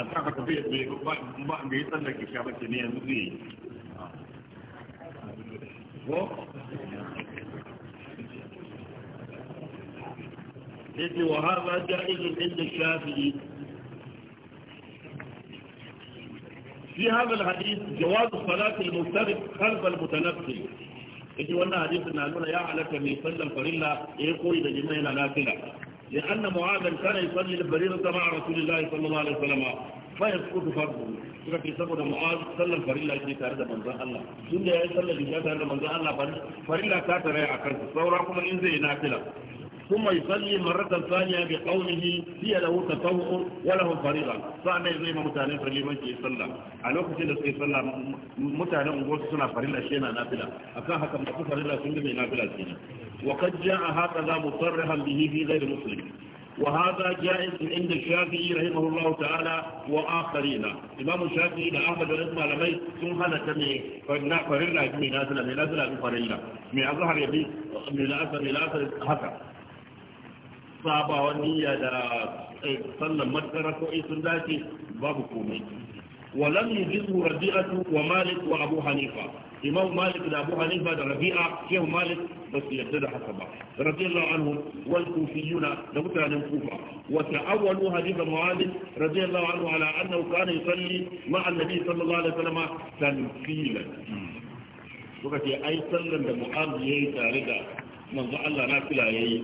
a sa ka tafiya bai yi tsallake shi ba ce ne إذن وهذا جائز عند الشافعي في هذا الحديث جواز صلاة المفترض خلف المتنفل إذن وانا حديث نالونا يا علاك من صلى الفريلة إيه يقول إذا جمعنا نافلة لأن معاذا كان يصلي الفريضة مع رسول الله صلى الله عليه وسلم baya su kudu farko suka ke saboda mu'azu sallan farilla ke tare da manzan Allah tun ya yi sallan jiya tare da manzan Allah farilla ta tare a kansu saura kuma in zai yi na fila kuma yi salli maratan saniya bi kaunihi fiye da wuta tawo wala hun farilla sa'an nan zai ma mutanen farilla ke sallan a lokacin da suke sallan mutanen unguwarsu suna farilla shi na na fila a haka masu farilla sun gina na fila ke nan. وقد جاء هكذا مصرحا به في غير وهذا جائز عند الشافعي رحمه الله تعالى وآخرين إمام الشافعي إلى أحمد الإسمى لمي سن هذا كمي فإن فرلا كمي نازلة من نازلة من فرلا من أظهر يبي من أثر من أثر هكا صعبة ونية صلى مدكرة وإيه سنداتي باب كومي ولم يجزه ربيعة ومالك وأبو حنيفة إمام مالك ده أبو حنيفة ده ربيعة شيخ مالك بس يبتدى حسبا رضي الله عنهم والكوفيون لمتى الكوفة وتأولوا حديث معاذ رضي الله عنه على أنه كان يصلي مع النبي صلى الله عليه وسلم تنفيلا وكتي أي صلى ده معاذ يهي تاردا منذ الله نافلة يهي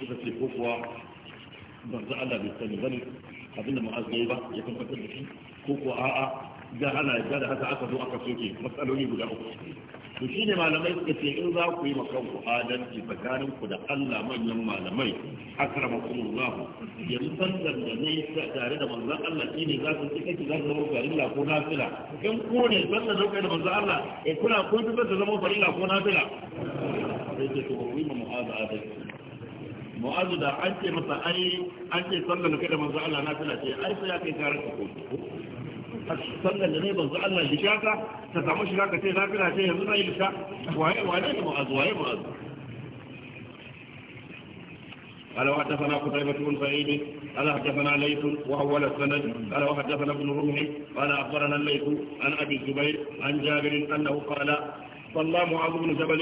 suka ce ko kuwa ban banzu Allah bai sani bane abinda ma'az ya ba ya tabbatar da shi ko kuwa a'a da ana yadda da haka aka zo aka soke matsaloli guda uku to shi ne malamai suka ce in za ku yi ma ku adalci tsakanin ku da Allah manyan malamai akramakumullah yanzu sallar da ne tare da manzon Allah shi ne za ku ci kake za ku zama farilla ko nafila in ku ne sallar da kai da manzon Allah eh kuna kun tabbata zama farilla ko nafila sai ce ku yi ma mu'aza adalci mu'azu da an ce masa ai an ce sallan kada manzo Allah na tana ce ai sai ya kai karar ka ko sallan da ne manzo Allah shi shaka ta samu shi ka ce na kana ce yanzu zai lissa waye waye ne mu'azu waye mu'azu قال وحدثنا قتيبة بن سعيد قال حدثنا ليث وهو السند قال وحدثنا ابن رمح قال أخبرنا الليث عن أبي الزبير عن جابر أنه قال صلى معاذ بن جبل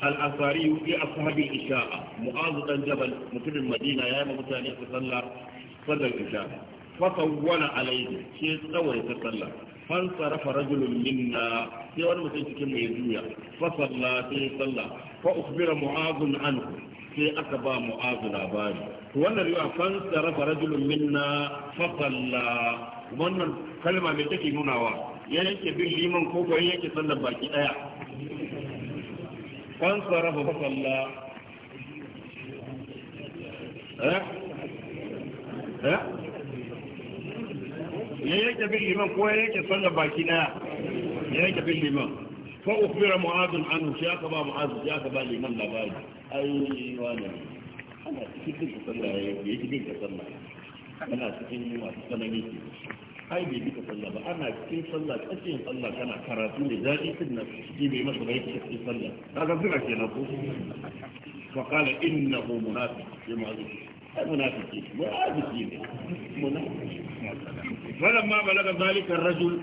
al'afari yi a kuma bin isha'a mu'azu dan jabal mutumin madina ya yi ma mutane su sallah fadar isha faka wani alaihi ce tsawai ta sallah fan sarafa rajulun minna sai wani mutum cikin mai juya fa sai sallah fa ukhbira mu'azu an sai aka ba mu'azu labari to wannan riwa fan sarafa rajulun minna fa sallah wannan kalma mai take nunawa ya yake bin liman ko ko yake sallar baki ɗaya. فانصرف فصلى ها ها ya yake bin liman ko ya yake sallar baki daya ya yake liman fa ukhbira mu'adun anhu shi aka ba mu'adun shi aka ba liman labari ai wani ana cikin sallah yake ai bai duka sallah ba ana cikin sallah cikin sallah kana karatu ne zaɗi din na shi bai masa bai cikin sallah kaga zuwa kenan ko fa qala innahu munafiq sai ma zuci ai munafiki munafiki ne munafiki falamma balaga zalika ar-rajul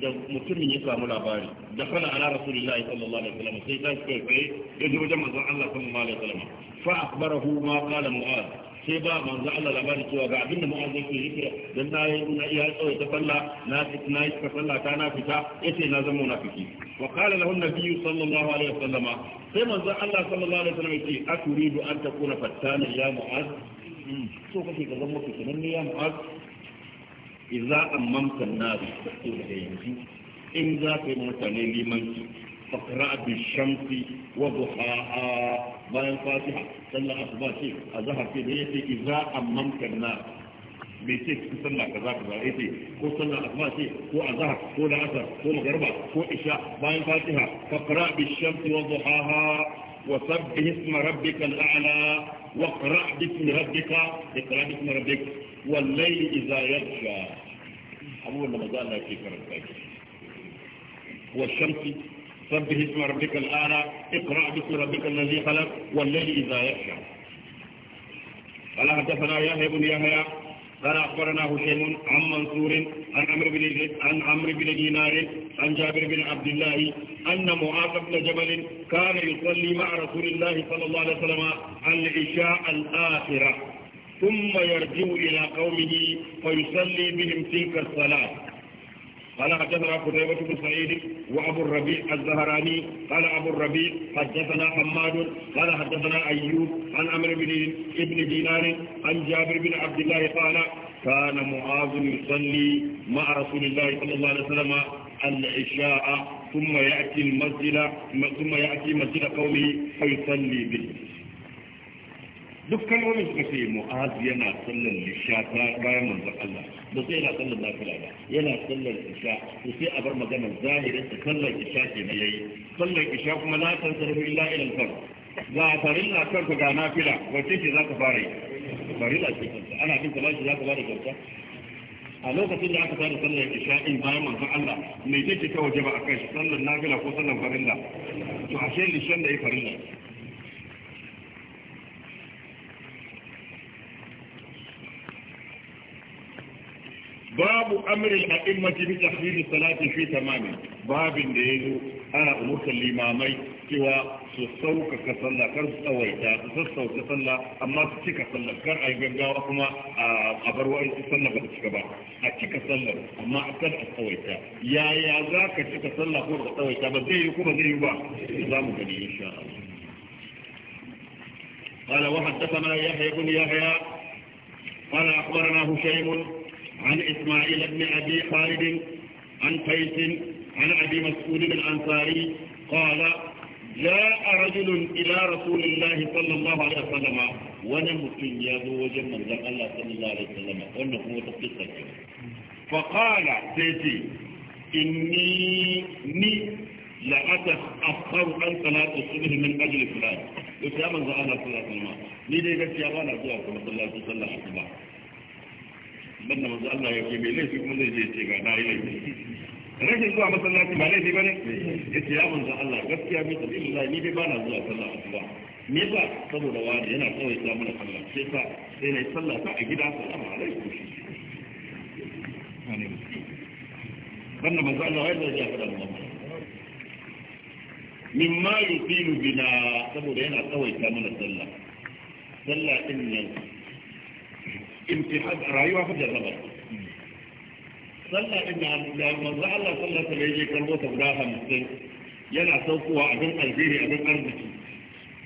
da mutumin ya samu labari da fara ala rasulullahi sallallahu alaihi wasallam sai ta kai sai ya ji wajen manzon Allah sallallahu alaihi wasallam fa akhbarahu ma qala mu'adh sai ba manzo Allah labarin cewa ga abinda mu azai ke yikira dan na yi na iya tsawai ta falla na na yi ta falla ta na fita yace na zama na munafiki wa qala lahu nabiyyu sallallahu alaihi wasallama sai manzo Allah sallallahu alaihi wasallam yace aturidu an takuna fattana ya mu'az hmm, so kake ka zama fitinan ne ya mu'az idza ammamta an-nar to da yanzu in za ka yi mutane limanci فاقرا بالشمس وضحاها بيان فاتحة سنة أخباتي أظهر في بيتي إذا أممت النار بيتيك في سنة كذا كذا إيتي هو سنة أخباتي هو أظهر هو العصر هو الغربة هو إشاء بيان فاتحة فاقرا بالشمس وضحاها وسبه اسم ربك الأعلى وقراءة باسم ربك اقرا باسم ربك والليل إذا يغشى أقول لما جاء الله يكفر الفاتحة والشمس سبح اسم ربك الأعلى اقرأ باسم ربك الذي خلق والليل إذا يخشى قال حدثنا يحيى بن يحيى قال أخبرنا هشيم عن منصور عن عمرو بن عن عمرو بن دينار عن جابر بن عبد الله أن معاذ بن جبل كان يصلي مع رسول الله صلى الله عليه وسلم العشاء الآخرة ثم يرجع إلى قومه فيصلي بهم تلك الصلاة قال حدثنا قتيبة بن سعيد وأبو الربيع الزهراني قال أبو الربيع حدثنا حماد قال حدثنا أيوب عن أمر بن ابن دينار عن جابر بن عبد الله قال كان معاذ يصلي مع رسول الله صلى الله عليه وسلم العشاء ثم يأتي المسجد ثم يأتي مسجد قومه فيصلي به دكان kalmomin suka ce mu'az yana sallan lishafa ba zai yana sallar nafila ba yana sallar isha to sai a bar magana zahirin da sallar isha ke na yayi sallar isha kuma na san sarfi illa ila al ga farilla kanka ga nafila wacce ce zaka fara yi farilla ce ana bin talashi zaka fara kanka a lokacin da aka tada sallar isha in bayan manzon Allah mai take ta waje ba akan sallar nafila ko sallar farilla to ashe lishan da ya farilla babu amri a immati bi tahrir salati fi tamami babin da yazo ana umurtar limamai cewa su sauka ka sallah kar su tsawaita su sassauta sallah amma su cika sallah kar a yi gaggawa kuma a bar wa sallah ba ta cika ba a cika sallah amma a kar a tsawaita yaya za ka cika sallah ko ka tsawaita ba zai yi kuma zai yi ba za mu gani insha Allah قال وحدثنا يحيى بن يحيى قال اخبرنا هشيم عن إسماعيل بن أبي خالد عن قيس عن أبي مسعود الأنصاري قال جاء رجل إلى رسول الله صلى الله عليه وسلم ونمت يابو وجم من الله صلى الله عليه وسلم وأنه هو تقصة فقال سيدي إني ني لأتأخر عن صلاة الصبح من أجل فلان وكما قال الله صلى الله عليه وسلم ني دي قلت يا بانا صلى الله عليه وسلم dan da manzo Allah ya ce mai laifi kuma zai je ce ga na yi laifi rashin zuwa masallaci ba laifi bane yace ya manzo Allah gaskiya bi tabillahi ni dai ba na zuwa sallah asuba me ba saboda wani yana kawai ta mana sallah ce ta sai na sallah ta a gida salamu alaikum dan da manzo Allah ya zai ya faɗa mu mimma yusilu bina saboda yana tsawaita mana sallah sallah din nan imtihan rayuwa da jarraba sallah din da manzo Allah sallallahu alaihi wasallam ya karbo ta guda hamsin, yana saukowa abin alheri abin arziki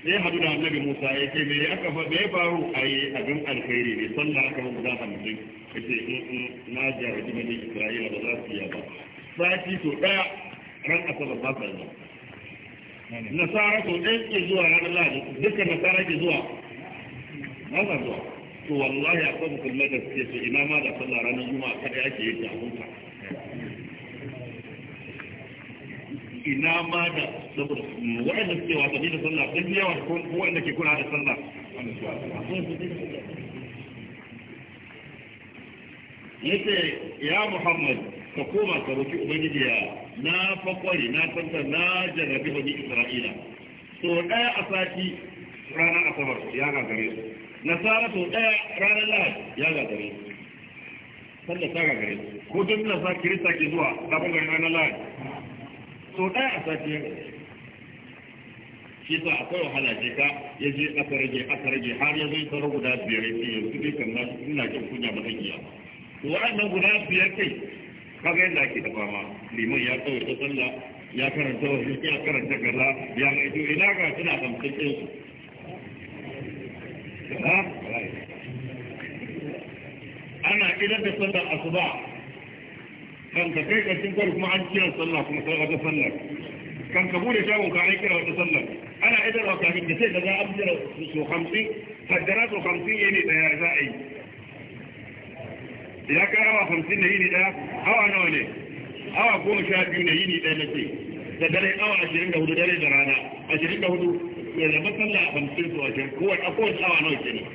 sai hadu da annabi Musa ya ce me aka fa me faru ai abin alheri ne sallah aka mu guda hamsin. yace in na jarabi bani Isra'ila ba za su yi ba sati to da ran asabar ba sa yi nasara to ɗaya ke zuwa ranar lahadi dukkan nasara ke zuwa ba zuwa to wallahi akwai musulmai da suke ce ina ma da sallah ranar juma'a kada ake yi ta huta ina ma da saboda waɗanda suke wasanni da sallah sun yawa ko waɗanda ke kula da sallah yace ya muhammad ka koma ka roki ubangiji ya na fakwari na tantar na jarrabi bani isra'ila so daya a sati ranar asabar ya gagare su nasara sau ɗaya ranar lahadi ya gagare sallar ta gagare ko don sa kirista ke zuwa kafin gari ranar lahadi sau ɗaya a sati ya gagare shi sa akwai wahala ce ka ya je aka rage aka rage har ya zai tsaro guda biyar ya ce yanzu dai kan na ina jin kunya ba zan iya ba wa'annan guda biyar kai kaga yadda ake da fama liman ya tsawaita sallah ya karanta wasu ya karanta kaza ya ga ina ga suna hamsin ɗinsu أنا إذا تصدق أصباع كان كيف تنقل ما عن كيان صلى الله عليه وسلم كان كبول شاو كان كيان وتسلم أنا إذا رأى كان كيان إذا أبدل سو خمسين فالدرات الخمسين يعني إذا يعزائي إذا كان أوا خمسين يعني إذا أوا نوني أوا كون شاب يعني إذا يعني نسي فدري أوا عشرين دهود دري درانا عشرين دهود to raba sallah a hamsin su wajen kowace a kowace awa nawa kenan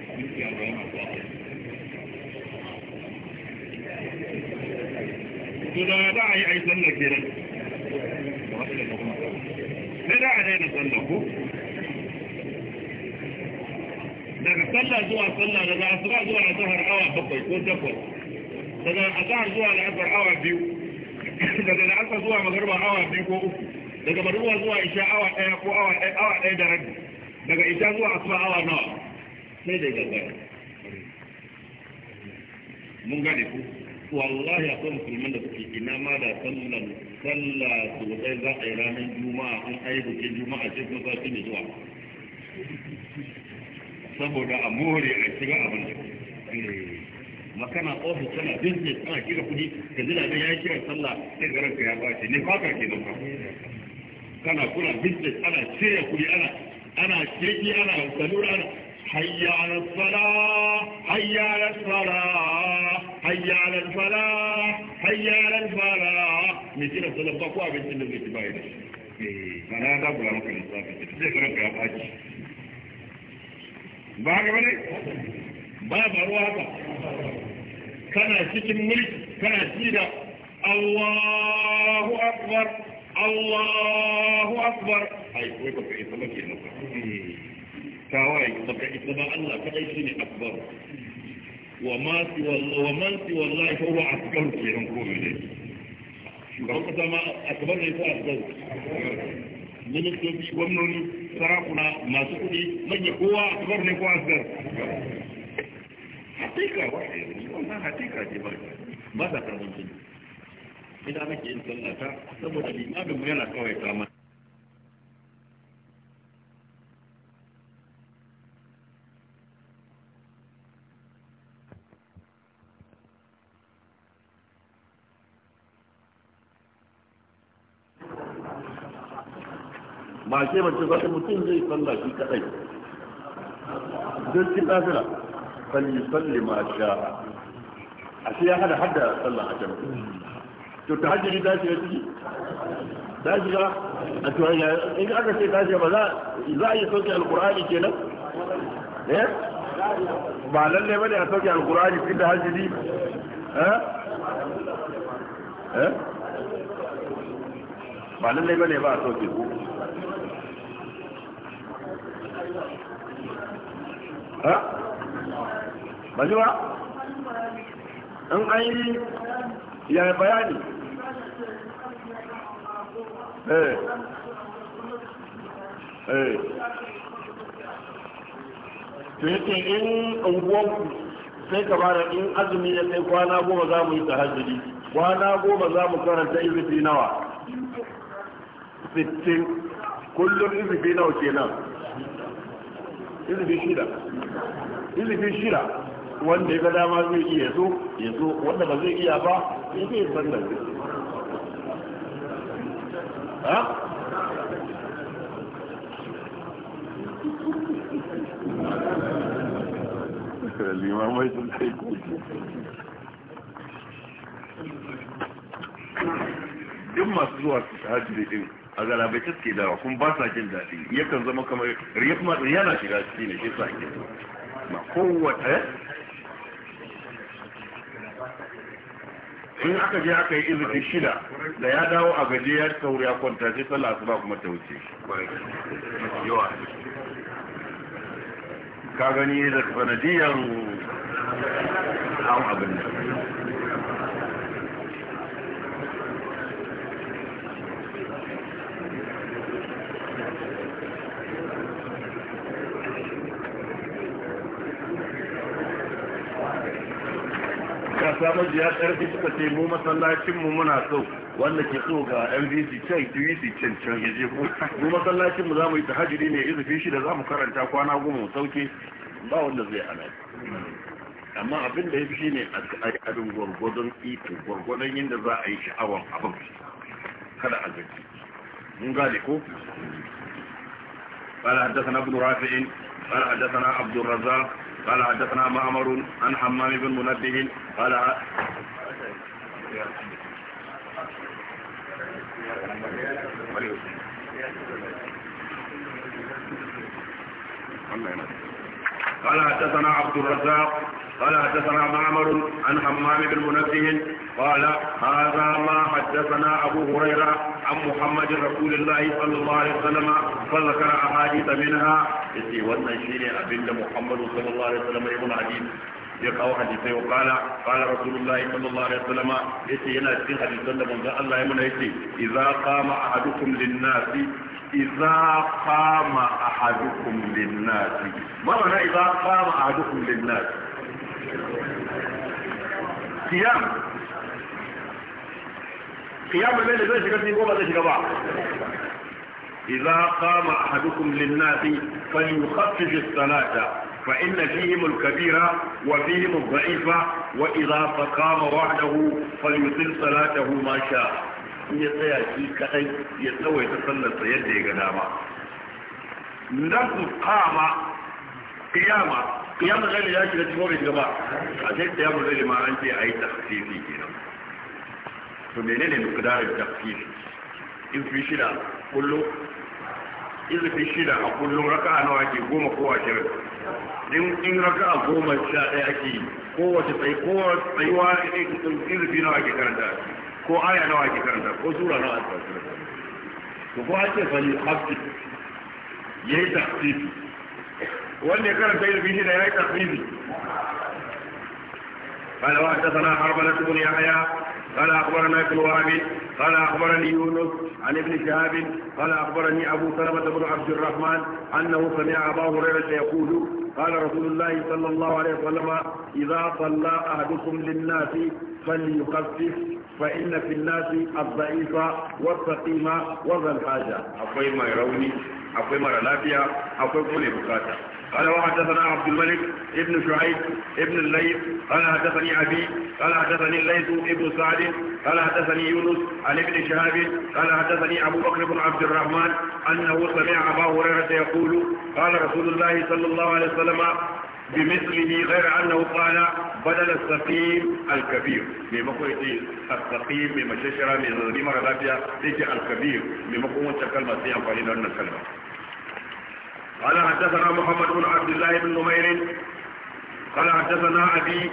to da za a yi a yi sallah kenan sai da a daina sallah ko daga sallah zuwa sallah daga asuba zuwa a azhar awa bakwai ko takwas daga azhar zuwa al'asar awa biyu daga al'asar zuwa magharba awa biyu ko uku daga maruwa zuwa isha awa ɗaya ko awa ɗaya da rabi daga isha zuwa asuwa awa nawa sai dai gaggara mun gane ku wallahi akwai musulman da suke ina ma da sallan sallah sosai za a yi ranar juma'a an ayi bukin juma'a ce kuma sati ne zuwa saboda a more a shiga abin eh, makana ofis tana business ana kira kudi ka zina da ya kira sallah sai garan ka ya bace ne fakar ke nufa kana kuna business ana cire kuɗi ana ana kirki ana salura ana hayya ala sala hayya ala sala hayya ala sala hayya ala sala me kira sallan ba ko abincin da zai ci bai kana da gura eh, maka lissafi zai karanta ya ba ga bane ba ba ruwa haka kana cikin mulki kana ci Allahu akbar Allahu akbar ai wai ba ka isa mace na tawaye ba ka isa ba Allah kadai shine akbar wa ma siwa wa man siwa Allah fa huwa akbar kenan ne shugaban kasa ma akbar ne ko akbar ministoci gwamnoni sarakuna masu kudi manya kowa akbar ne ko asgar hakika wa wannan hakika ce ba ba ta karbon jini ina nake yin sallata saboda limamin mu yana kawai kama ba ce mace ba mutum zai salla shi kadai don cin lafiya salli salli ma sha a shi ya hada hada sallan a to ta hajjiri ta shiga ciki ta ga a ya in aka ce ta shi ba za a yi sauke alqur'ani kenan eh ba lalle bane a sauke alqur'ani fi da hajji eh eh ba lalle bane ba a sauke ku ha eh? ba ji ba an yi ya bayani eh, eh. in unguwan sai ka bada in azumi ya kai kwana goma za mu yi tahajjudi kwana goma za mu karanta izifi nawa sittin kullum izifi nawa kenan izifi shida izifi shida wanda ya ga dama zai iya so ya so wanda ba zai iya ba ya zai sallar limamai duk masu zuwa su ta hajji din a galabai ta suke dawa kuma ba sa jin daɗi yakan zama kamar riyar matsin yana shiga ciki da shi sa ke ma kowace eh? in aka je aka yi izinin shida da ya dawo a gaje ya sauri ya kwanta sai sallah asuba kuma ta wuce ka gani da sanadiyar abin da. maji ya karfi suka ce mu masallacin mu muna so wanda ke so ga MVC can TVC e can can ya je mu masallacin mu mu yi tahajjudi ne izufi shi da za mu karanta kwana goma mu sauke ba wanda zai ana amma abin da ya fi shine a abin gwargwadon iko gwargwadon yadda za a yi sha'awan abin kada a gaji mun gane ko قال حدثنا ابن رافع قال حدثنا عبد الرزاق قال حدثنا معمر عن حمام بن منبه قال قال حدثنا عبد الرزاق قال حدثنا معمر عن حمام بن منبه قال هذا ما حدثنا ابو هريره عن محمد رسول الله صلى الله عليه وسلم فذكر احاديث منها yace wannan shine abinda Muhammadu sallallahu alaihi wasallam ya nuna hadisi ya kawo hadisi ya kala kala rasulullah sallallahu alaihi wasallam yace yana cikin hadisan da manzon Allah ya muna yace idza qama ahadukum lin idza qama ahadukum lin-nasi ma ma'ana idza qama ahadukum lin qiyam qiyam bai da shi ga cikin goma zai shiga ba إذا قام أحدكم للناس فليخفف الصلاة فإن فيهم الكبيرة وفيهم الضعيفة وإذا فقام وحده فليصل صلاته ما شاء يسوي كأي يسوي تسلط يدي قدامه نفس قام قيامة قيامة غير ياشي لتفوري قبا عشان قيامة غير ما عندي أي تخصيصي هنا فمنين المقدار التخصيص إن في شلال kullum izifi shida a kullum a nawa ke goma ko a din in raka a goma sha ɗaya ake yi kowace tsayi ko tsayuwa izifi nawa ke karanta ko aya nawa ke karanta ko sura nawa ke karanta to ko ake fali hafi ya yi tafsiri wanda ya karanta izifi shida ya yi tafsiri قال وحدثنا حرملة بن يحيى قال أخبرنا ابن وابي قال أخبرني يونس عن ابن شهاب قال أخبرني أبو سلمة بن عبد الرحمن أنه سمع أبا هريرة يقول قال رسول الله صلى الله عليه وسلم إذا صلى أحدكم للناس فليخفف فإن في الناس الضعيف والسقيم وذا الحاجة أقوي ما يروني أقوي ما رلافيا أقوي كل بكاتا قال وحدثنا عبد الملك ابن شعيب ابن الليث قال حدثني أبي قال حدثني الليث ابن سعد قال حدثني يونس عن ابن شهاب قال حدثني أبو بكر بن عبد الرحمن أنه سمع أبا هريرة يقول قال رسول الله صلى الله عليه وسلم بمثله غير أنه قال بدل السقيم الكبير ميمكو السقيم ميمششرة ميمرة لابية تيجي الكبير ميمكو وانت كلمة سيئة فهنا أن الكلمة قال حدثنا محمد بن عبد الله بن نمير قال حدثنا أبي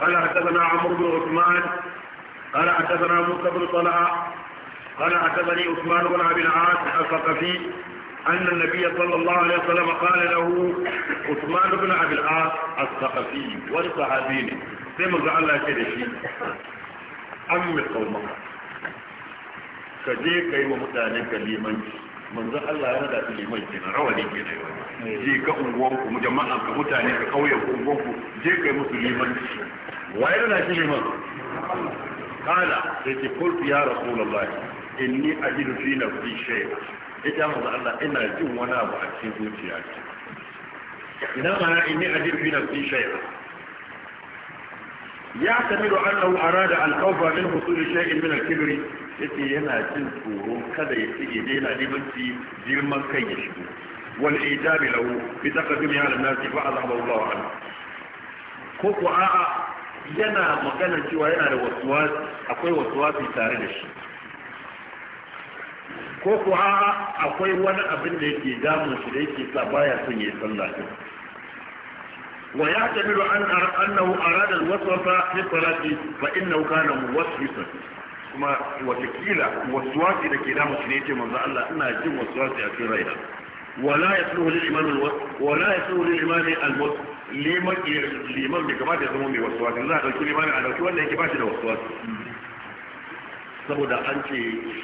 قال حدثنا عمرو بن عثمان قال حدثنا موسى بن طلحة قال حدثني عثمان بن أبي العاص الثقفي أن النبي صلى الله عليه وسلم قال له عثمان بن أبي العاص الثقفي والصحابين سيما لها كده شيء امي قومك ka كيما متانك لي منشي manzo Allah ya rada liman kenan rawani kenan yawa ji ka unguwan ku jama'an ka mutane ka kauyen ku unguwan ku je kai musu liman waye rada shi liman kala sai ki kultu ya rasulullahi inni ajidu fi nafsi shay'a ita manzo Allah ina jin wani abu a cikin zuciyata ina ma inni ajidu fi nafsi shay'a ya tamir annahu arada al-khawfa min husuli shay'in min al-kibr yace yana cin tsoro kada ya tsige daina dibanci girman kai ya shigo wal ijab lahu bi taqdim ya al-nas fa azhaba Allahu an ko ko a'a yana magana cewa yana da waswasi akwai waswasi tare da shi ko a'a akwai wani abin da yake damun shi da yake sa baya son yayi sallah ويعتبر أنه أراد الوصف في الصلاة فإنه كان موصفا كما وتكيلة موصوات إذا كلا مسلمة من ذا الله إنها جم وصوات أكثر غيرها ولا يسلوه للإيمان الوصف ولا يسلوه للإيمان الوصف لمن لمن بكبات يسمون بوصوات الله أقول كل على كل إيمان كبات إلى وصوات أنت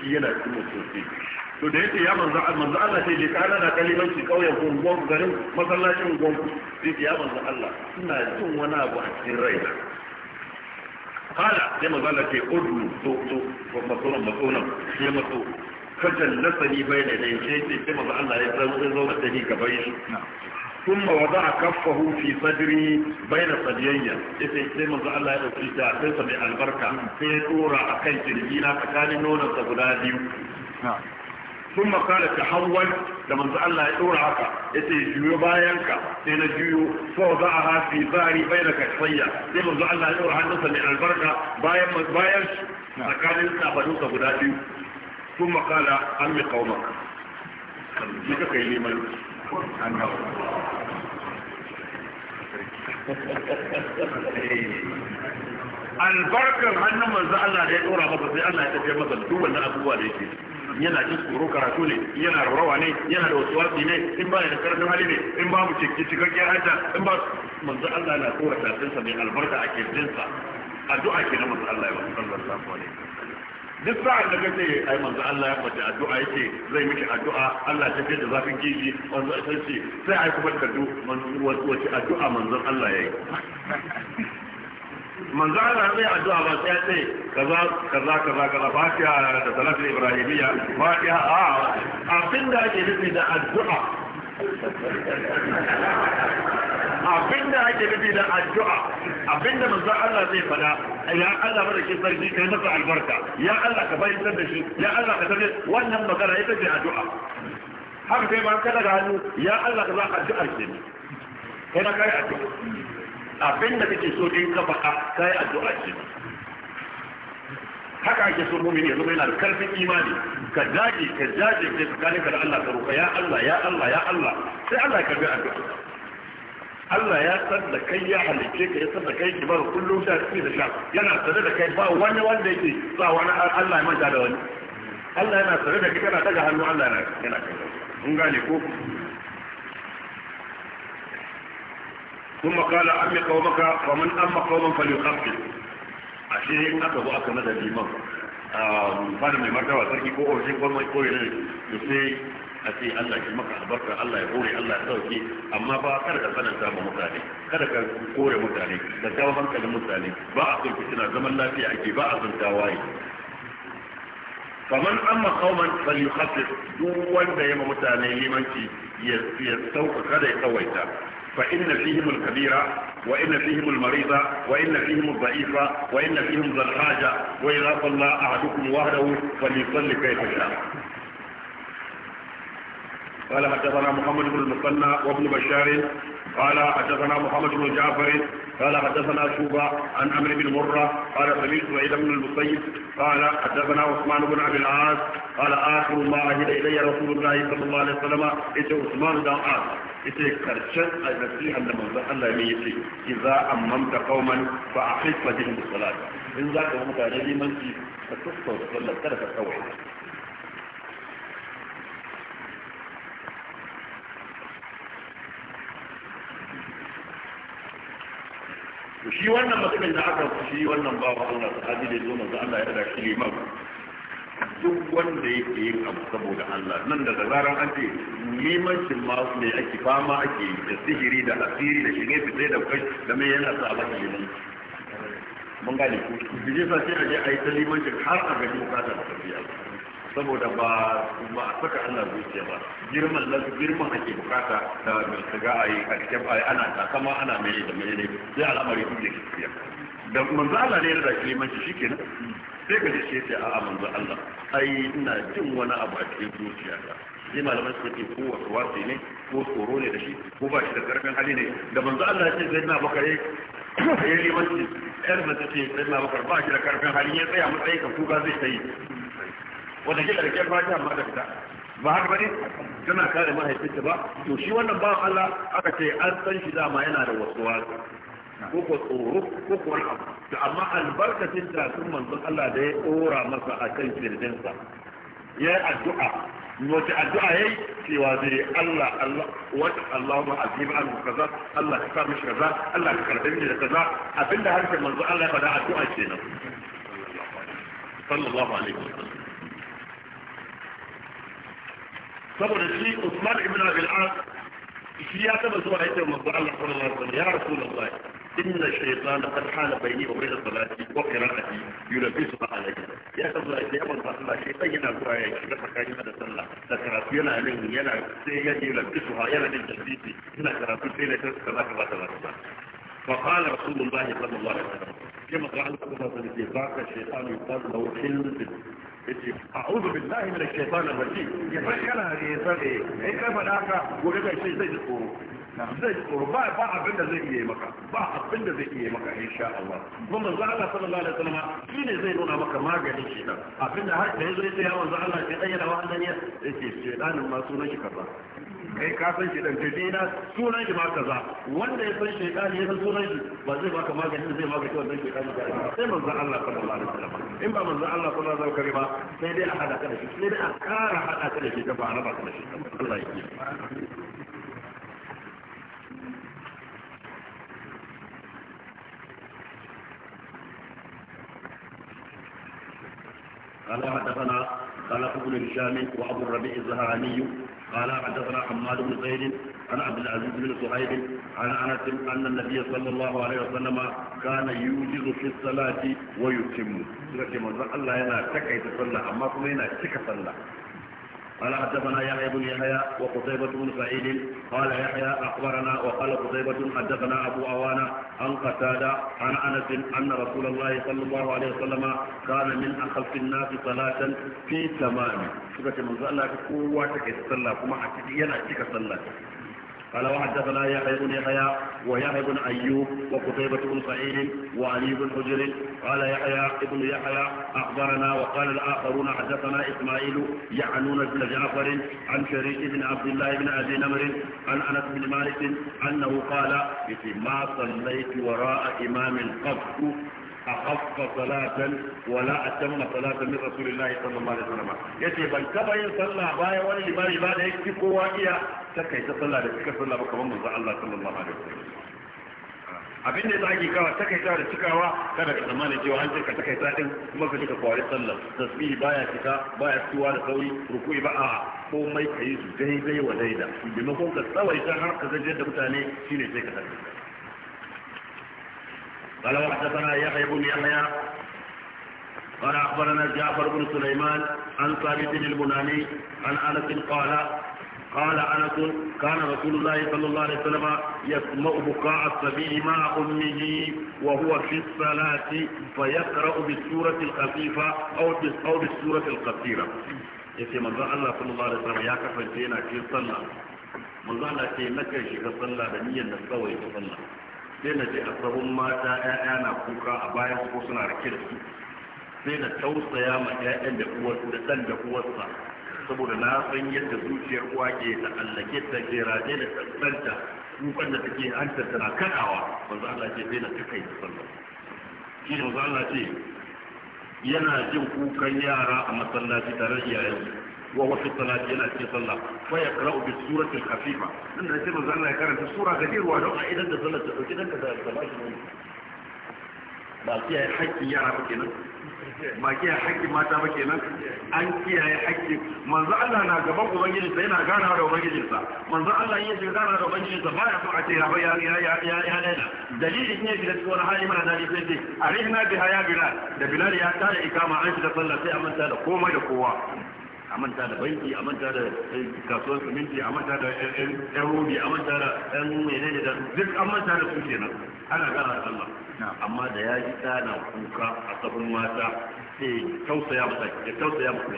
شيئنا كم وصوات to da yake ya manzo manzo Allah sai da kana na kalimanci kauyen ku garin masallacin gon ku sai ya manzo Allah ina jin wani abu a cikin raina hala sai manzo Allah sai udu to to masona masona sai maso kajan nasani bai da dai sai sai manzo Allah ya zauna da ni gaba shi ثم وضع كفه في صدري بين صديي إذا إسلام الله يقول إذا أتنسى بالبركة في دورة أكيد الجينة فكان نونا تغلادي ثم قال تحول لما سأل الله يقول عقا إتي جيو بايانكا سينا جيو فوضعها في ظهري بينك كتفيا لما سأل الله يقول عن نصر من البركة بايان بايان نعم. فكان يلتا فدوك بداتي ثم قال أمي قومك لك كي لي من albarkar hannun manzo Allah da ya dora masa sai Allah ya tafiya أبوها duk yana cin tsoro karatu ne yana rawa ne yana da wasu watsi ne in ba da karfin hali ne in ba mu cikakken hajja in ba manzo Allah na tsora tasinsa mai albarka a kirjinsa addu'a ke na manzo Allah ya wasu sallallahu alaihi ne duk sa'an da kace ai manzo Allah ya faɗi addu'a yake zai miki addu'a Allah ya tafi da zafin gizi manzo sai sai ai kuma kaddu manzo wace addu'a manzo Allah yayi منظر هذه أدوى بسيطي كذا كذا كذا كذا فاكيا تسلط الإبراهيمية فاكيا آه أفن دا جلبي دا أدوى أفن دا جلبي دا أدوى أفن دا منظر الله زي فدا يا الله مرة كيف تجي كنطع البركة يا الله كبير تدشي يا الله كتبه وانهم مقرى يتجي أدوى حقا ما كان قالوا يا الله كذا أدوى كيف تجي أدوى abin da kake so din ka faɗa kai addu'a ce haka ake so mumin ya zama yana da karfin imani ka dage ka dage ka tsakaninka da Allah ka roƙa ya Allah ya Allah ya Allah sai Allah ya karbi addu'a Allah ya san da kai ya halice ka ya san da kai bar kullum sha cikin da sha yana tsare da kai ba wani wanda yake ba wani Allah ya manta da wani Allah yana tsare da kai kana daga hannu Allah yana yana kai mun gane ko ثم قال أمي قومك ومن أم قوما فليخفف ashe aka zo aka nada liman fara mai martaba sarki ko ofishin gwamnati ko yana da sai a ce Allah ki albarka Allah ya kore Allah ya sauke amma ba kada ka sananta ma mutane kada ka kore mutane da jawo hankalin mutane ba a son fitina zaman lafiya ake ba a son tawaye faman amma qauman falyukhaffif duk wanda ya ma mutane limanci ya sauka kada ya tsawaita فإن فيهم الكبيرة وإن فيهم المريضة وإن فيهم الضعيفة وإن فيهم ذا الحاجة وإذا صلى أحدكم وحده فليصلي كيف شاء قال حدثنا محمد بن المثنى وابن بشار قال حدثنا محمد بن جعفر قال حدثنا شوبة عن عمرو بن مرة قال سمعت سعيد بن المسيب قال حدثنا عثمان بن عبد العاص قال آخر ما عهد إلي رسول الله صلى الله عليه وسلم إذا عثمان بن ita karshen nasihan da manzo Allah ne yace idza ammamta qauman fa ahiffa bihim salat in za ka da limanci ka tsotsa sallar kada ka kawai shi wannan mutumin da aka shi wannan bawa Allah ta hadi da zo manzo Allah ya da shi limanci duk wanda yake yin abu saboda Allah nan da zaran an ce shi ma ne ake fama ake da sihiri da asiri da shige fitai da kai da mai yana sa ba limanci mun gane ku bije sa sai a je a yi ta limancin har a ga duka da tafiya saboda ba ba a saka Allah zuciya ba girman da girman ake bukata da mai shiga a yi a cikin ana ta kama ana mai da mai ne sai al'amari duk da kiyaye da manzo Allah ne ya rada kilimanci shikenan sai ka ji sai a'a manzo Allah ai ina jin wani abu a cikin ta sai malaman su ce ko wasu wasu ne ko tsoro ne da shi ko ba shi da karfin hali ne da manzo Allah ya ce sai na bakare ya yi mace yar da ta ce sai na bakar ba shi da karfin hali ya tsaya matsayi ka kuka zai ta yi wanda ke karkar fata amma da fita ba haka ba ne tana kare mahaifinta ba to shi wannan ba Allah aka ce an san shi dama yana da wasu wasu ko ko tsoro ko ko wani abu to amma albarkacin da sun manzon Allah da ya tsora masa a kan kirjinsa ya yi addu'a wace addu'a ya yi cewa zai Allah Allah wata Allah ma azim an kaza Allah ka sa mishi kaza Allah ka karbe ni da kaza abinda harshen manzon Allah ya faɗa addu'a kenan sallallahu alaihi wasallam saboda shi Usman ibn Abi al-As shi ya taba zuwa yake manzo Allah sallallahu alaihi wasallam ya Rasulullah إن الشيطان قد حال بيني وبين صلاتي وقراءتي يلبسها علي يا الله يا من الله شيطان ينزع يشرب كان هذا صلى ذكرت ينا له ينا سيد يلبسها ينا للتلبيس هنا ذكرت سيد كذا كذا كذا فقال رسول الله صلى الله عليه وسلم كما قال ذاك الشيطان يقال له حلم أعوذ بالله من الشيطان الرجيم يفكر هذه الإنسان إيه كيف ذاك وكذا شيء زي الخروج zai tsoro ba ba abin da zai iya maka ba abin da zai iya maka insha Allah kuma manzo Allah sallallahu alaihi wasallam shine zai nuna maka maganin shi nan abin da har da yazo sai ya manzo Allah ya dai da wannan ya yake shedanin ma sunan shi kaza kai ka san shedan kai na sunan shi ma kaza wanda ya san shedani ya san sunan shi ba zai baka maganin da zai magance wannan shedani ba sai manzo Allah sallallahu alaihi wasallam in ba manzo Allah sallallahu alaihi wasallam ba sai dai a hada kada shi sai dai a kara hada kada shi ka ba na ba ka da shi Allah ya yi قال حدثنا قال ابن هشام وابو الربيع الزهراني قال حدثنا حماد بن زيد عن عبد العزيز بن صهيب عن انس ان النبي صلى الله عليه وسلم كان يوجز في الصلاه ويتم. سيدي من الله ينا تكيت صلى اما كما ينا تكيت صلى قال حدثنا يحيى بن يحيى وقتيبة بن سعيد قال يحيى أخبرنا وقال قتيبة حدثنا أبو عوانة عن قتادة عن أنس أن رسول الله صلى الله عليه وسلم كان من أخف الناس صلاة في تمام. شكرا من الله قوة كي تصلى كما حكيت ينا كي تصلى قال وحدثنا يحيى بن يحيى ويحيى بن ايوب وقتيبة بن سعيد وعلي بن حجر قال يحيى بن يحيى اخبرنا وقال الاخرون حدثنا اسماعيل يعنون بن جعفر عن شريك بن عبد الله بن ابي نمر عن انس بن مالك انه قال ما صليت وراء امام قط أخف صلاة ولا أتم صلاة من رسول الله صلى الله عليه وسلم يتي بل كما يصلى باي ولي باري باري يكتب واقيا kaka yi ta sallah da cika sallah ba kamar manzon Allah sallallahu alaihi wasallam abin da zaki kawa takaita da cikawa kada ka zama da cewa an cika takaita din kuma ka cika kwari sallah tasbihi baya cika baya tuwa da sauri rukui ba a komai ka yi su daidai wa daida maimakon ka tsawaita har ka zajiyar da mutane shine sai ka takaita قال وحدثنا يحيى بن يحيى قال أخبرنا جعفر بن سليمان عن ثابت البناني عن أنس قال قال أنس كان رسول الله صلى الله عليه وسلم يسمع بكاء السبيل مع أمه وهو في الصلاة فيقرأ بالسورة الخفيفة أو أو بالسورة القصيرة. يسمى الله صلى الله عليه وسلم يا كفن فينا في صلى manzo Allah ce na kai shiga sallah da niyyar da kawai ta sallah sai na je a sahun mata 'ya'ya na kuka a bayan ko suna sai na tausaya ma ƴaƴan da uwarsa saboda na san yadda zuciyar uwa ke ta'allake ta ke raje da tsantsanta kukan da take hantar tana kadawa manzo Allah ce sai na takai sallah shi da manzo Allah ce yana jin kukan yara a masallaci tare da iyayen wa wasu salati yana cikin sallah fa ya qara'u bi surati khafifa nan da sai manzo Allah ya karanta sura gajeruwa don a idan da sallar ta dauki dan ka da salati ba sai hakkin yara ba kenan ba kiyaye haƙƙin mata ba kenan an kiyaye haƙƙin manzo Allah na gaban ubangijinsa yana gana da sa manzo Allah yin shi gana da sa ba ya so a ce ya ya ya ya ya daina dalilin ne da cikin wani hali mana dadi sai ce arihna bi haya bilal da bilal ya tare ikama an shi da sallah sai amanta da komai da kowa a manta da banki a manta da eh, kasuwar siminti a manta da yan eh, eh, rodi a manta da yan menene da duk an manta da su kenan ana da sallah amma da ya ji na kuka a sabon mata sai tausaya masa ya tausaya masa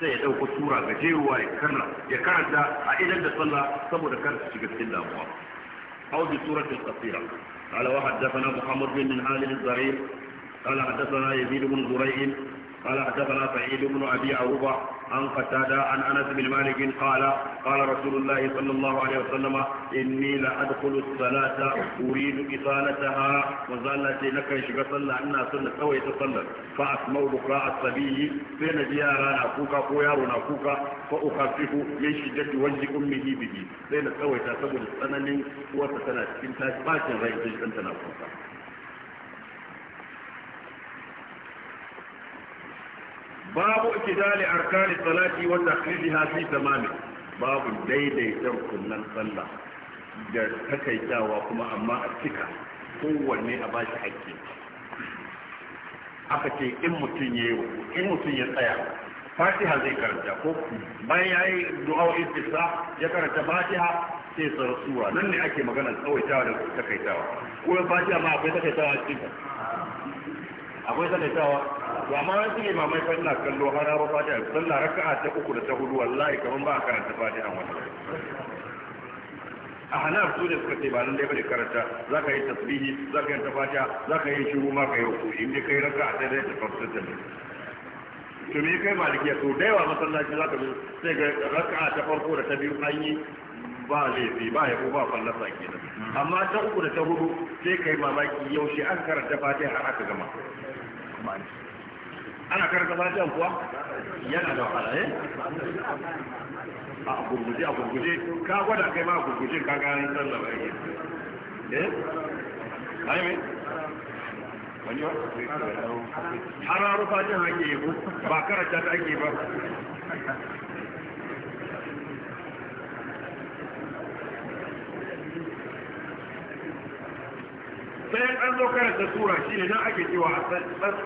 sai ya dauko tura gajeruwa ya kana ya karanta a idan da sallah saboda kar su shiga cikin damuwa أو بسورة قصيرة قال وحدثنا محمد بن خالد الزرير قال حدثنا يزيد بن زريع قال حدثنا سعيد بن أبي عروبة عن قتادة عن أنس بن مالك قال قال رسول الله صلى الله عليه وسلم إني لأدخل الصلاة أريد إطالتها وظلتي لك شك صلى أن صلى أو يتصلى فأسمع بكاء الصبي فين جيارا ناكوكا قويار ناكوكا فأخفف من شدة وجه أمه به فين أو يتصلى السنة وتسنى كنت باشا غير تجد أنت ناكوكا babu ikidali arkani salati wa takhrijiha fi tamami babu daidaita rukunan sallah da takaitawa kuma amma a cika kowanne a bashi hakki aka ce in mutum ya in mutun ya tsaya fatiha zai karanta ko bayan ya yi du'a istisqa ya karanta fatiha sai tsara sura nan ne ake magana tsawaitawa da takaitawa ko fatiha ma akwai takaitawa cikin akwai takaitawa wa amma an tsige ma mai ina kallo har rufa da sallah raka'a ta uku da ta hudu wallahi kaman ba karanta fatiha wannan a hana su da suka ce ba nan dai bane karanta za ka yi tasbihi zaka yi tafata za ka yi shiru ma kai yi inda in kai raka'a ta sai dai ta da ne to me kai malikiya to da yawa masallaci za ka bi sai ga raka'a ta farko da ta biyu an yi ba laifi ba ya yabo ba fallasa kenan amma ta uku da ta hudu sai kai mamaki yaushe an karanta fatiha har aka gama ana karanta fatihan kuwa yana da wahala eh a gurguje a gurguje ka gwada kai ma a gurguje ka gani sallah bai eh ai me wani wa hararu fatihan jin yi ba karanta ta ake ba an zo karanta sura shi ne nan ake cewa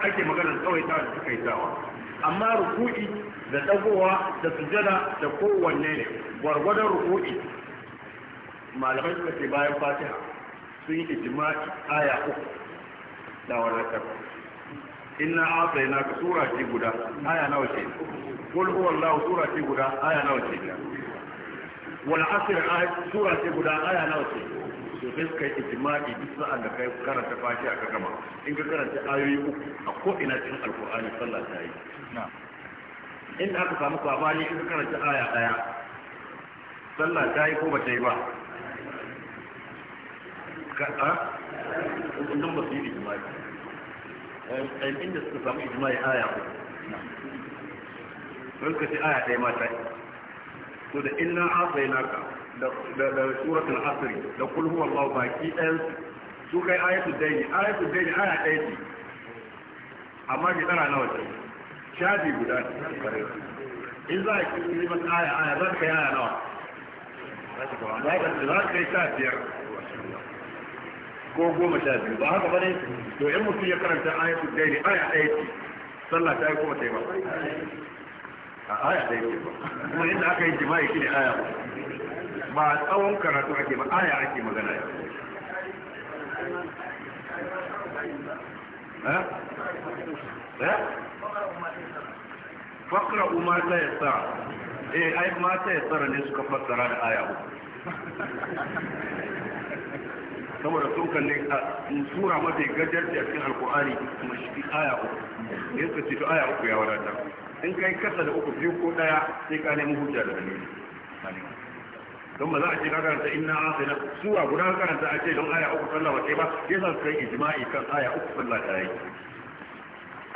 ake maganar tsawaita da tawa. amma ruku'i da dagowa da sujada da kowanne ne gwargwadon ruku'i malamai suka ce bayan fatiha sun yi ijma'i aya uku da wadatar inna atayna ka sura shi guda aya nawa ce qul huwallahu sura shi guda aya nawa ce wal asr sura shi guda aya nawa ce to sai suka yi ijma'i duk sa'an da kai karanta fashi a gama in ka karanta ayoyi uku a ko ina cikin alkur'ani sallah ta yi in da aka samu sabani in ka karanta aya daya sallah ta yi ko ba ta yi ba ka a kundin ba su yi ijma'i ɗan eh, eh, inda suka samu ijma'i aya uku sun ka ce aya ta yi to da inna asai naka da suratul asr da kul huwa allah baki ɗayan su kai ayatul daini ayatul daini aya ɗaya ce amma ki tsara nawa ce shafi guda in za ki yi masa aya aya za ka kai aya nawa za ka kai sha biyar ko goma sha biyu ba haka bane to in mutum ya karanta ayatul daini aya ɗaya ce sallah ta yi kuma ta yi ba a aya ɗaya ce ba kuma inda aka yi jima'i shi ne aya ba ba tsawon karatu ake ba aya ake magana ya eh? eh? fakra umar ta ya sa eh ai mata ya tsara ne suka fassara da aya uku saboda sun kalli a sura mafi gajar da cikin alkuwari kuma shi aya uku ne su ce to aya uku ya wadata in kai kasa da uku biyu ko daya sai ka nemi hujja da dalili don ba za a ce ka karanta inna na sura guda ka karanta a ce don aya uku sallah ba ce ba ya sa suka yi ijma'i kan aya uku sallah ta yi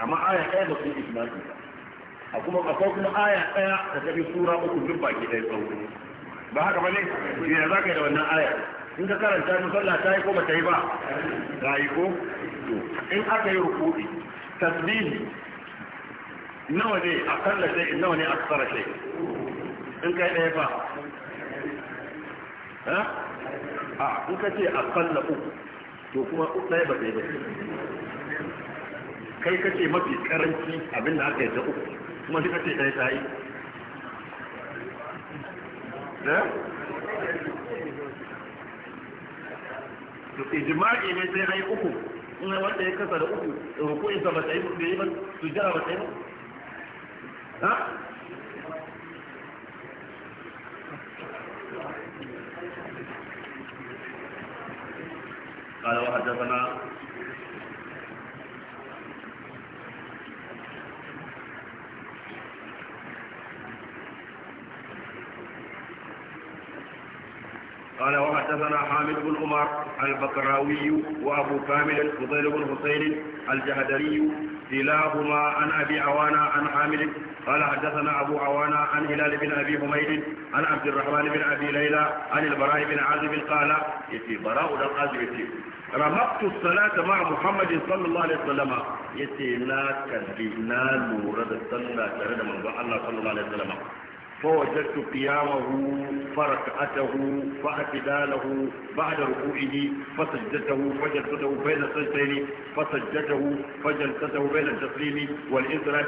amma aya ɗaya ba su yi ijma'i a kuma akwai kuma aya ɗaya da ta bi sura uku duk baki ɗaya tsawo ba haka ba ne ya za ka yi da wannan aya in ka karanta ta sallah ta yi ko ba ta yi ba ta yi ko in aka yi rukudi tasbihi nawa ne akalla sai nawa ne aksara sai in kai ɗaya ba a in ka ce a kalla uku to kuma ɗaya ba sai ba kai ka ce mafi karanci abin da aka yi ta uku kuma shi ka ce ɗaya ta yi ijma'i ne sai ai uku in wanda ya kasa da uku rukunin sa ba ta yi ba su jira ba ta yi ba قال وحدثنا قال وحدثنا حامد بن عمر البكراوي وابو كامل الفضيل بن حسين الجهدري كلاهما عن ابي عوانا عن حامد قال حدثنا ابو عوانا عن هلال بن ابي حميد عن عبد الرحمن بن ابي ليلى عن البراء بن عازب قال يتي براء القاسم عازب رمقت الصلاة مع محمد صلى الله عليه وسلم يتي لا كذبنا نورد الصلاة من الله صلى الله عليه وسلم فوجدت قيامه فركعته فاعتداله بعد ركوعه فسجدته فجلسته بين السجدين فسجدته فجلسته بين التسليم والانصراف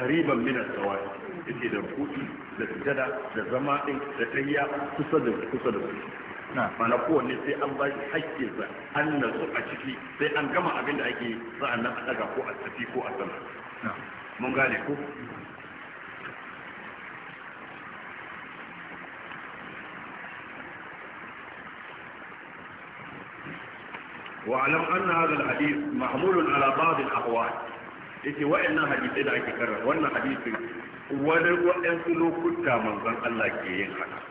قريبا من السواء yake da rukuki da sujada da zama da kusa da mana kowanne sai an ba shi haƙƙinsa an nasu a ciki sai an gama abin da ake nan a daga ko a tafi ko a sama mun gane ko واعلم أن هذا الحديث محمول على بعض الأقوال yake wa'annan hadisai da ake karanta wannan hadisin wani wa'ansu lokuta manzon Allah ke yin haka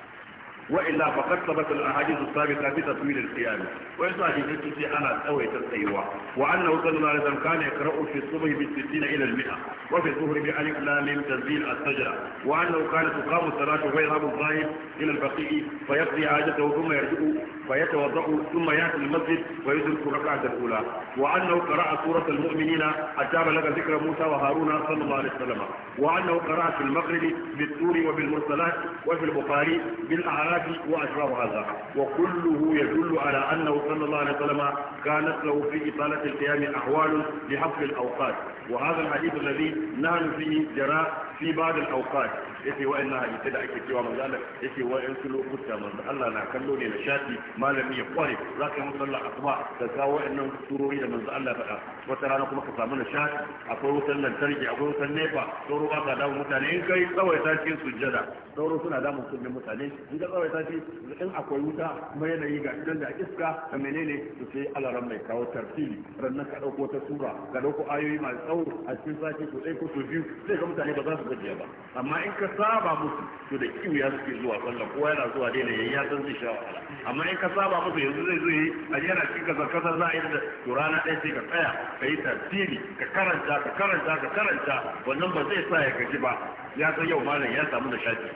وإلا فقد ثبت الأحاديث السابقة في تطويل القيام ويسعى حديث أنا أوي السيوة وأنه صلى الله عليه وسلم كان يقرأ في الصبح بالستين إلى المئة وفي الظهر بألف لام تنزيل السجرة وأنه كان تقام الصلاة فيذهب الظاهر إلى البقيء فيقضي حاجته ثم يرجع فيتوضأ ثم يأتي المسجد ويدرك الركعة الأولى وأنه قرأ سورة المؤمنين حتى بلغ ذكر موسى وهارون صلى الله عليه وسلم وأنه قرأ في المغرب بالطور وبالمرسلات وفي البخاري بالأعراف الكهف وأشباه هذا وكله يدل على أنه صلى الله عليه وسلم كانت له في إطالة القيام أحوال لحفظ الأوقات وهذا الحديث الذي نال فيه جراء في بعض الأوقات yace wa'annan hadisi da ake cewa manzo Allah yace wa'ansu lokuta manzo Allah na kallo ne na shafi malami ya kware zaka yi musalla asuba ka kawo wa'annan surori da manzo Allah faɗa wata rana kuma ka samu na shafi akwai wutan lantarki akwai wutan nefa sauro ba ka damu mutane in kai tsawaita cikin sujjada sauro suna damun kunnen mutane in ka tsawaita shi in akwai wuta kuma yanayi ga idan da iska da menene su sai alaran mai kawo tartili rannan ka dauko ta sura ka dauko ayoyi masu tsawo a cikin sati ko ɗaya ko biyu sai ga mutane ba za su gajiya ba amma in ka saba musu to da ya suke zuwa sallah kowa yana zuwa daina yayi ya san zai sha wahala amma in ka saba musu yanzu zai zo yi a yana cikin ka kasar za a yi da to rana ɗaya sai ka tsaya ka yi tafsiri ka karanta ka karanta ka karanta wannan ba zai sa ya gaji ba ya san yau malam ya samu da shafi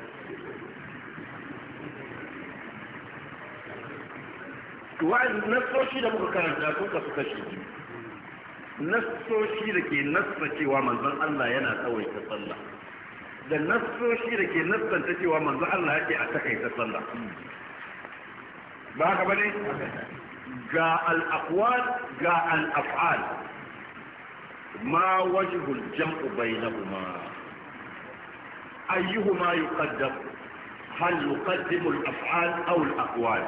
wa'an nasoshi da muka karanta sun kasu kashi biyu nassoshi da ke nassa cewa manzon Allah yana tsawaita sallah da nassoshi da ke nassanta cewa manzo Allah yake a takaita sallah ba haka bane ga al-aqwal ga al-af'al ma wajhul jam'u bainahuma ayyuhuma yuqaddam hal yuqaddimu al-af'al aw al-aqwal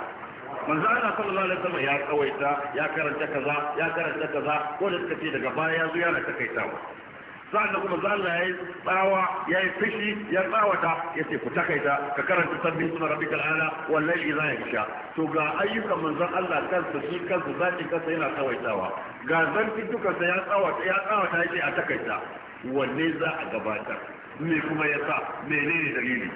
manzo Allah sallallahu alaihi wasallam ya kawaita ya karanta kaza ya karanta kaza ko da suka ce daga baya ya zo yana takaitawa sa'annan kuma zalla yayi tsawa yayi fishi ya tsawata yace ku takaita ka karanta sabbin sunan rabbikal ala wal layli idha yaksha to ga ayyukan manzon Allah kansa shi kansa zaki kansa yana tsawaitawa ga zanti duka sa ya tsawata ya tsawata yace a takaita wanne za a gabatar me kuma yasa menene dalili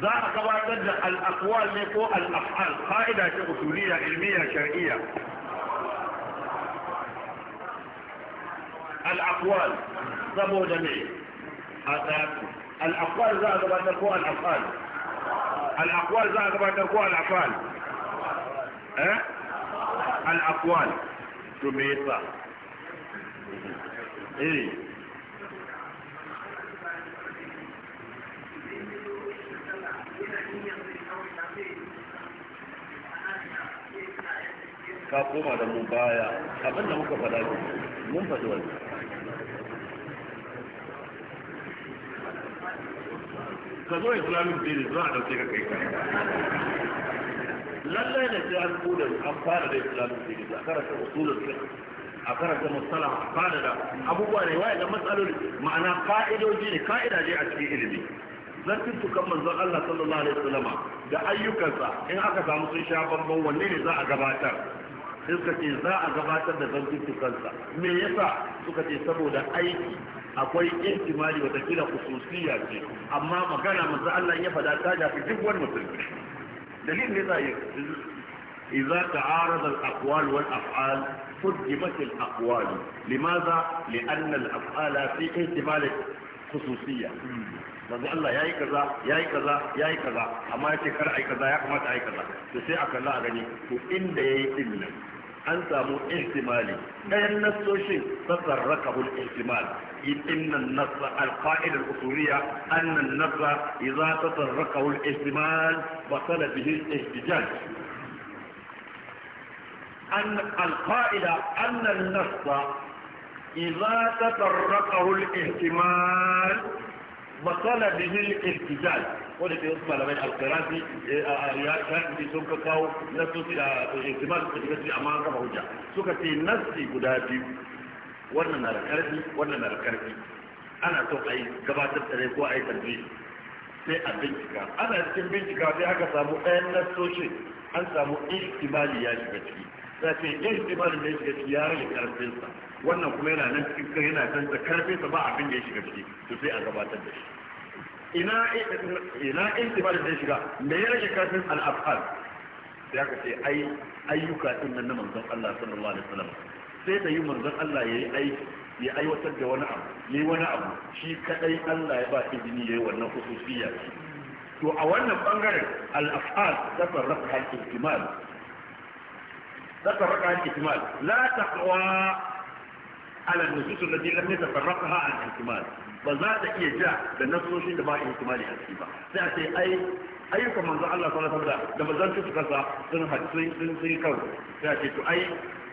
za a gabatar da al-aqwal ne ko al-af'al qa'ida ce usuliyya ilmiya shar'iyya الأقوال صبوا جميع هذا الأقوال زاد أقبع تركوا الأفعال الأقوال زاد أقبع تركوا الأفعال ها الأقوال تميطة إيه ka koma da mu baya abinda muka faɗa mun faɗi wannan ka zo islamic business za ɗauke ka kai ka, lallai da sai an kudin an fara da islamic business a karanta usulun a karanta musala a fara da abubuwa ne waye da matsaloli ma'ana ka'idoji ne ka'ida ne a cikin ilimi zartuttukan manzon Allah sallallahu alaihi wasallama da ayyukansa in aka samu sun sha bambam wanne ne za a gabatar sai suka ce za a gabatar da kansa? me yasa suka ce saboda aiki akwai ihtimali wata kila khususiyya ce amma magana manzo Allah ya fada ta da duk wani musulmi dalilin ne zai إذا تعارض الأقوال والأفعال ترجمت الأقوال لماذا؟ لأن الأفعال في احتمال خصوصية manzo Allah yayi kaza yayi kaza yayi kaza amma yace kar ai kaza ya kamata ai kaza to sai a kalla a gani to inda yayi din nan an samu ihtimali Ɗayan nasoshin tasarrakahu al-ihtimal إن النص القائل الأصولية أن النص إذا تطرقه الإهتمال بطل به الإهتجاج أن القائل أن النص إذا تطرقه الإهتمال بطل به الإهتجاج قلت ke wasu malamai alkarafi ya shafi sun ka kawo nasosi da ihtimal da shiga amma an kafa wannan na da karfi wannan na da karfi ana so a yi gabatar da ko a yi tarbi sai a bincika ana cikin bincika sai aka samu ɗayan nasoshin an samu ihtimali ya shiga ciki za ce ihtimalin da ya shiga ciki ya rage karfinsa wannan kuma yana nan cikin yana nan da karfinsa ba abin da ya shiga ciki to sai a gabatar da shi ina ina ihtimalin da ya shiga me ya rage karfin al'afal sai aka ce ai ayyuka din nan na manzon Allah sallallahu alaihi wasallam sai ta yi manzon Allah ya yi aiki ya aiwatar da wani abu ya wani abu shi kadai Allah ya ba izini ya yi wannan hususiyya to a wannan bangaren al-af'al ta farrafa al-ihtimal ta farrafa al-ihtimal la taqwa ala nusus allati lam yatafarraqaha an ihtimal ba za ta iya ja da nasoshin da ba ihtimali a ciki ba sai a ce ai ayyukan manzo Allah sallallahu alaihi wasallam da bazan tuka kasa sun hadisi sun sun kawo sai a ce to ai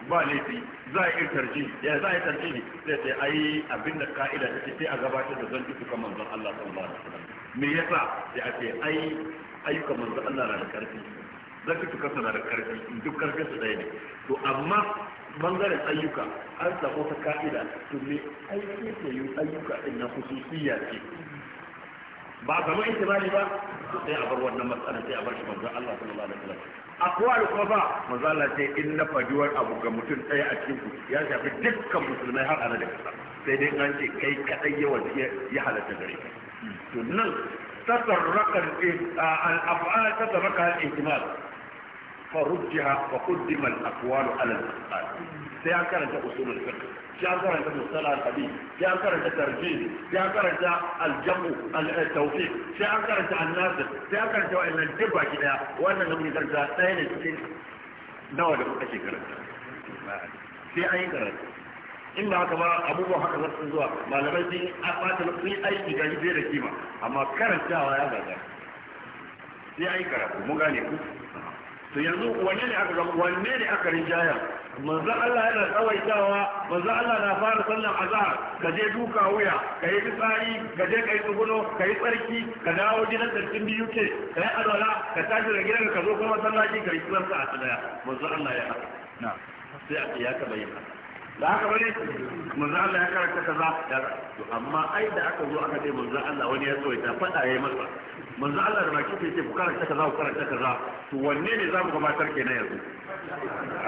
ba laifi za a yi tarji ya za a yi tarji sai sai a yi abin da ka'ida ta ce sai a gabatar da zan tuka manzon Allah sallallahu alaihi wasallam me yasa sai a ce ai ayyukan manzon Allah na da karfi zan tuka na da karfi duk karfin su ɗaya ne to amma bangaren ayyuka an samu ta ka'ida to me aiki ke yi ayyuka din na hususiyya ce ba kamar itibari ba sai a bar wannan matsala sai a bar shi manzo Allah sallallahu alaihi wasallam akwai kuma ba manzo Allah sai in na faduwar abu ga mutum ɗaya a cikin ku ya shafi dukkan musulmai har ana da kasa sai dai an ce kai kadai yawa ya halatta gare ka to nan tasarraka al-af'al tasarraka al-ihtimal فرجها وقدم الأقوال على الأقوال سيأكل أنت أصول الفقه سيأكل أنت مصطلح الحديث سيأكل أنت ترجيح سيأكل أنت الجمع التوفيق سيأكل أنت الناصر سيأكل أنت وإن الجبع كده وأن نمي ترجع تهين السن نوع لك أشي كرنت في أي كرنت in ba haka ba abubuwan haka za su zuwa malamai sun yi a fata sun yi aiki ga yi da kima amma karantawa ya gaga sai ai karatu mun gane ku to yanzu wanne ne aka wanne ne aka rinjaya manzon Allah yana tsawaitawa manzon Allah na fara sallan azahar. ka je duka wuya ka yi fitsari ka je ka yi tsuguno ka yi tsarki ka dawo gidan tsarkin biyu ke ka yi alwala ka tashi da gidan ka zo kuma sallaci ka yi tsarka a tsaya manzon Allah ya haka sai a ya ka bayyana ba haka bane manzo Allah ya karanta kaza to amma ai da aka zo aka ce manzo Allah wani ya tsoita fada yayi masa manzo Allah da baki sai ce ku karanta kaza ku karanta kaza to wanne ne zamu gabatar kenan yanzu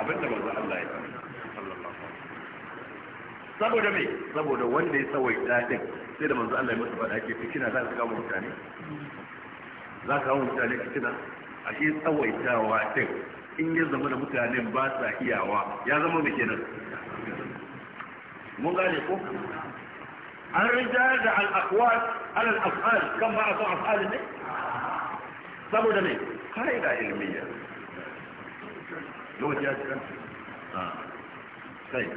abin da manzo Allah ya saboda me saboda wanda ya tsawaita din sai da manzo Allah ya masa fada ke fitina za ka kawo mutane za ka kawo mutane fitina a shi tsawaitawa din in ya zama da mutanen ba sa iyawa ya zama mai kenan أنا مغالقوا الرجال على الأقوال على الأفعال كم مرة معطوا أفعال من؟ صبوا دمين خائدة علمية لو تياج كم؟ آه. طيب.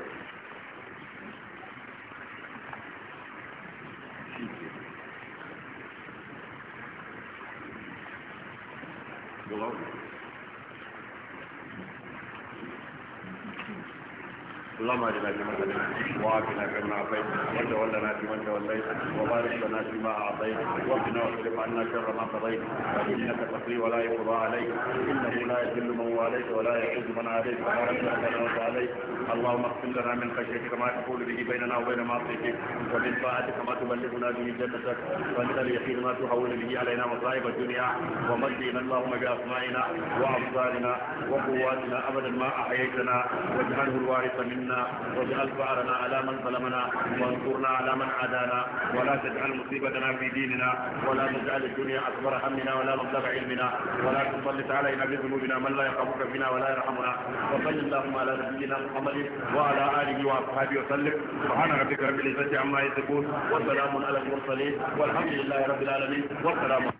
اللهم اجعلنا في من هديت وعافنا في من عافيت وتولنا في من توليت وبارك لنا فيما اعطيت واصرف عنا شر ما قضيت تقضي ولا يقضى عليك انه لا يذل من واليت ولا من عليك اللهم اغفر لنا من خشيتك ما تقول به بيننا وبين معصيتك ومن طاعتك ما تبلغنا به جنتك ومن اليقين ما تحول به علينا مصائب الدنيا ومجدنا اللهم باسمائنا وابصارنا وقواتنا ابدا ما احييتنا واجعله الوارث منا واجعل فأرنا على من ظلمنا وانصرنا على من عادانا ولا تجعل مصيبتنا في ديننا ولا تجعل الدنيا أكبر همنا ولا مبلغ علمنا ولا تسلط علينا بذنوبنا من لا يرحمك فينا ولا يرحمنا وصل اللهم على نبينا محمد وعلى آله وأصحابه وسلم سبحان ربك رب العزة عما يصفون وسلام على المرسلين والحمد لله رب العالمين والسلام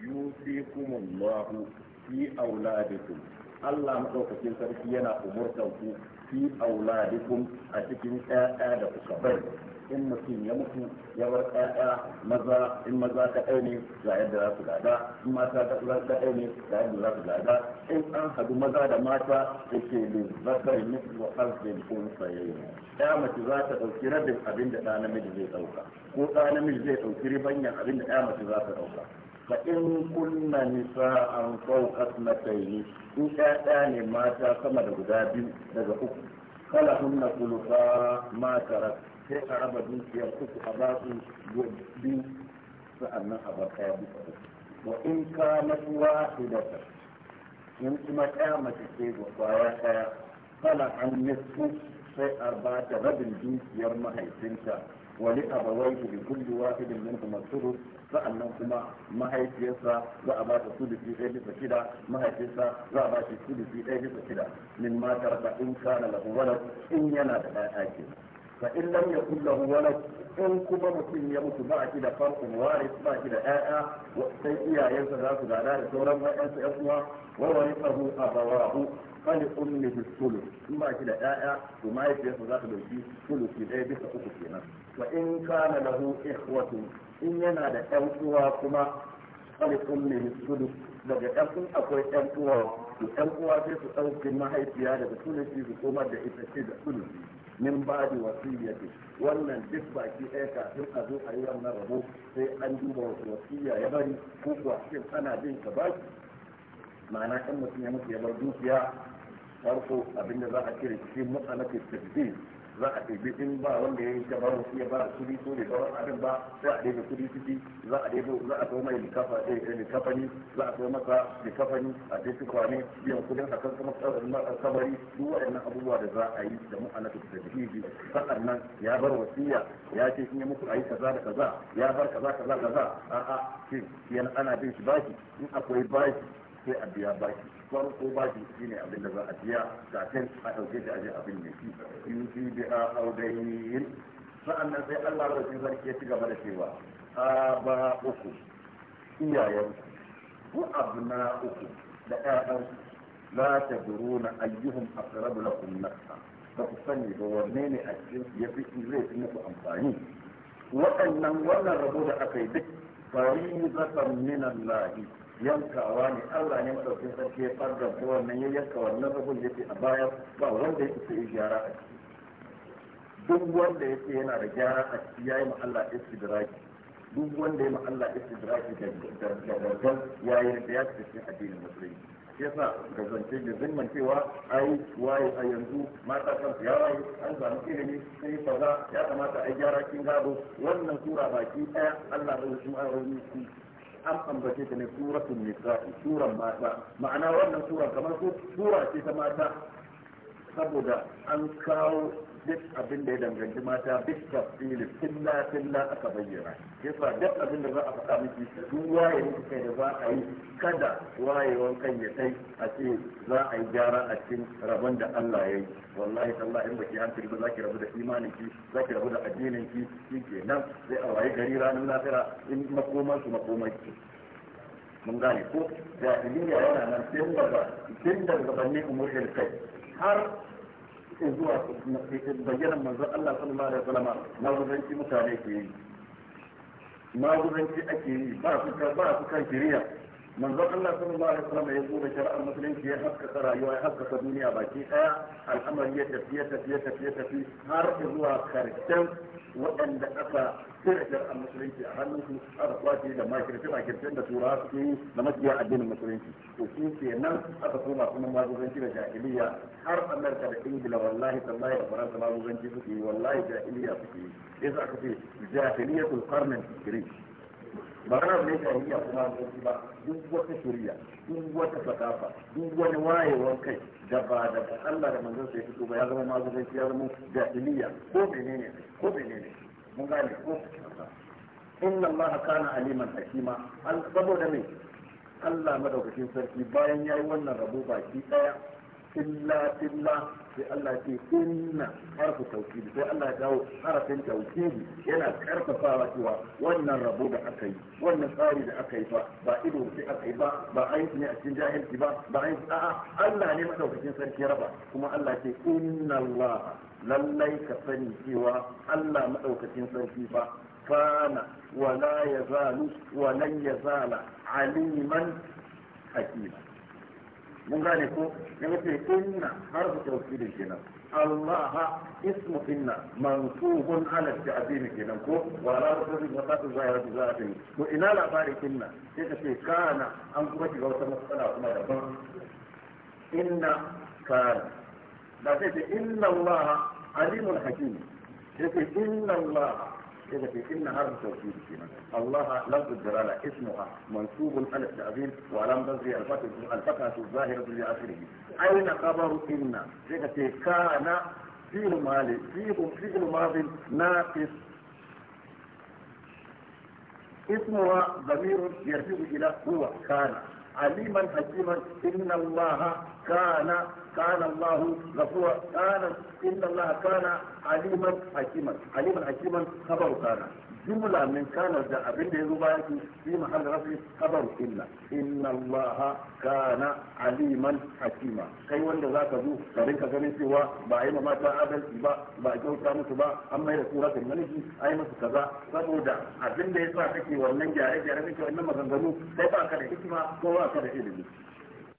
يوصيكم الله في أولادكم Allah maɗaukakin sarki yana umurtar ku fi auladikum a cikin ƴaƴa da kuka bari in mutum ya mutu ya bar ƴaƴa maza in maza ka ɗaya ne ga yadda za su gada in mata ɗaya ne ga yadda za su gada in an hadu maza da mata da ke da zakar mutu wa arzikin kun sayayi ɗaya mace za ta ɗauki rabin abin da ɗa namiji zai ɗauka ko ɗa namiji zai ɗauki ribanyan abin da ɗaya mace za ta ɗauka فإن كنا نساء فوق اثنتين إن كان ما كما دغدا بي دغ أكو فلهن ثلثا ما ترك في أربع بنت يرتك أباك بي فأنا أبقى بفضل وإن كانت واحدة إن كما كانت في وصايا خيا فلهن نصف في أربعة رب الجنس يرمى حيثنك ولأبويه لكل واحد منهم الثلث sa'annan kuma mahaifiyarsa za a ba ta sulusi ɗaya bisa shida mahaifinsa za a ba shi sulusi ɗaya bisa shida min matar da in kana lahu walad in yana da ɗaya ke fa in lam yakul lahu walad in kuma mutum ya mutu ba shi da farkon waris ba shi da ɗaya sai iyayensa za su gada da sauran ƴaƴansa ƴan uwa wa warithahu abawahu fali ummi bi sulu in ba shi da ƴaƴa to mahaifiyarsa za ta dauki sulu ki dai bisa uku kenan wa in kana lahu ikhwatun in yana da ƴan uwa kuma fali ummi bi sulu daga ɗan akwai ƴan uwa to ƴan uwa sai su dauki mahaifiya daga ki su koma da ita ce da sulu min ba da wasiyyati wannan duk baki ɗaya kafin a zo a yi wannan rabo sai an duba wasu wasiyya ya bari ko kuwa shin ana bin ka baki ma'ana kan mutum ya mutu ya bar dukiya farko abinda za a kira shi ke tasbih za a ɗebi in ba wanda ya yi gabar wasu ya ba da kudi ko da gabar abin ba sai a daidai kudi ciki za a daidai za a zo mai eh, eh, likafani za a zo masa likafani a daidai kwane biyan kudin a kan kuma kabari duk waɗannan abubuwa da za a yi da mu'anatu da jihidi nan ya bar wasiya ya ce in ya mutu a yi kaza da kaza ya bar kaza kaza kaza a'a shi yana ana bin shi baki in akwai baki sai a biya baki farko baki shine abin da za a biya kafin a ɗauke shi a je abin da shi in fi biya audayin sa'annan sai Allah da cikin sarki ya ci gaba da cewa a ba uku iyayen ku abna uku da ƴaƴan la tadruna ayyuhum aqrabu lakum nafsa ba ku sani ba wanne ne a cikin ya fi zai fi muku amfani waɗannan wannan rabo da aka yi duk fari zafan minan Allah yankawa ne Allah ne madaukin sarki ya farga ta wannan ya yanka wannan rabin yake a baya ba wanda ya isa gyara a ciki duk wanda yake yana da gyara a ciki yayi ma Allah istidraki duk wanda ya ma Allah istidraki da gargar yi da ya cikin addinin musulunci yasa ga zance da zimman cewa ai waye a yanzu mata kan ya waye an samu ilimi sai faza ya kamata a gyara kin gado wannan sura baki daya Allah ya rubuta an ambace ta ne suratul nisa'i suran mata ma'ana wannan sura kamar sura ce ta mata saboda an kawo duk abin da ya danganci mata duk tafsili filla filla aka bayyana yasa duk abin da za a faɗa miki duk waye kai da za a yi kada wayewan kan ya kai a ce za a yi gyara a cikin rabon da Allah ya yi wallahi tallahi in baki an ba za ki rabu da imanin ki za ki rabu da addinin ki shi nan, sai a waye gari ranar lafira in makoman su makoman ki mun gane ko jahiliya yana nan tun daga tun daga banne kai har suke zuwa bayyanan manzo Allah sallallahu alaihi wasallam na wurin mutane ke yi na maguzanci ake yi ba su kan shirya من ذكر الله صلى الله عليه وسلم يقول شرع المسلمين في حق قرايو اي حق الدنيا باقي ايا آه، الامر يت في في في في هر هو خرجتم وان اكا سر شرع المسلمين في حال من هذا واجب لما كرت ما كرت ده تراث في لما جاء الدين المسلمين تو في كان اكا كما كنا ما بنت الجاهليه هر امر كان دين والله تالله ربنا ما بنت في والله جاهليه في اذا في جاهليه القرن الكريم ba ran ne shari'a kuma hankali ba duk wata shari'a duk wata fatafa duk wani wayewar kai da ba da Allah da manzon sai fito ba ya zama mazubanci ya zama jahiliya ko menene ko menene mun gane ko inna Allah kana aliman hakima an saboda me Allah madaukakin sarki bayan yayi wannan rabo baki daya filla illa sai Allah ce inna harfu tawkidi sai Allah ya dawo harafin tawkidi yana karfafawa cewa wannan rabo da aka yi wannan tsari da aka yi ba ba ido sai aka yi ba ba an yi ne a cikin jahilci ba ba an a'a Allah ne madaukakin sarki raba kuma Allah ce inna Allah lallai ka sani cewa Allah madaukakin sarki ba kana wala yazalu wa lan yazala aliman hakima mun gane ko ya mace inna harfu tawkidin kenan Allah ismu inna mansubun ala ta'zim kenan ko wa la tasri wa tasri zahira zahatin to ina labarin inna sai ka ce kana an kuma shiga wata matsala kuma daban inna kana da sai ce inna Allah Allah كده في سن حرف توكيد كمان الله لفظ الدلاله اسمها منصوب على التعظيم ولم تزي الفتحه الظاهره لاخره اين خبر ان كده في كان فعل ماضي فعل ماضي ناقص اسمها ضمير يرجع الى هو كان aliman hakiman inna allaha kana kana allahu ghafura kana inna allaha kana aliman hakiman aliman hakiman khabaru kana jumla min kana da abin da ya zo bayan su fi mahal rafi kabar illa inna allaha kana aliman hakima kai wanda zaka zo ka rinka ganin cewa ba a yi ma mata adalci ba ba a kyauta musu ba an mai da tsura da a yi musu kaza saboda abin da ya sa kake wannan gyare gyare kake wannan maganganu sai ba ka da hikima ko ba ka da ilimi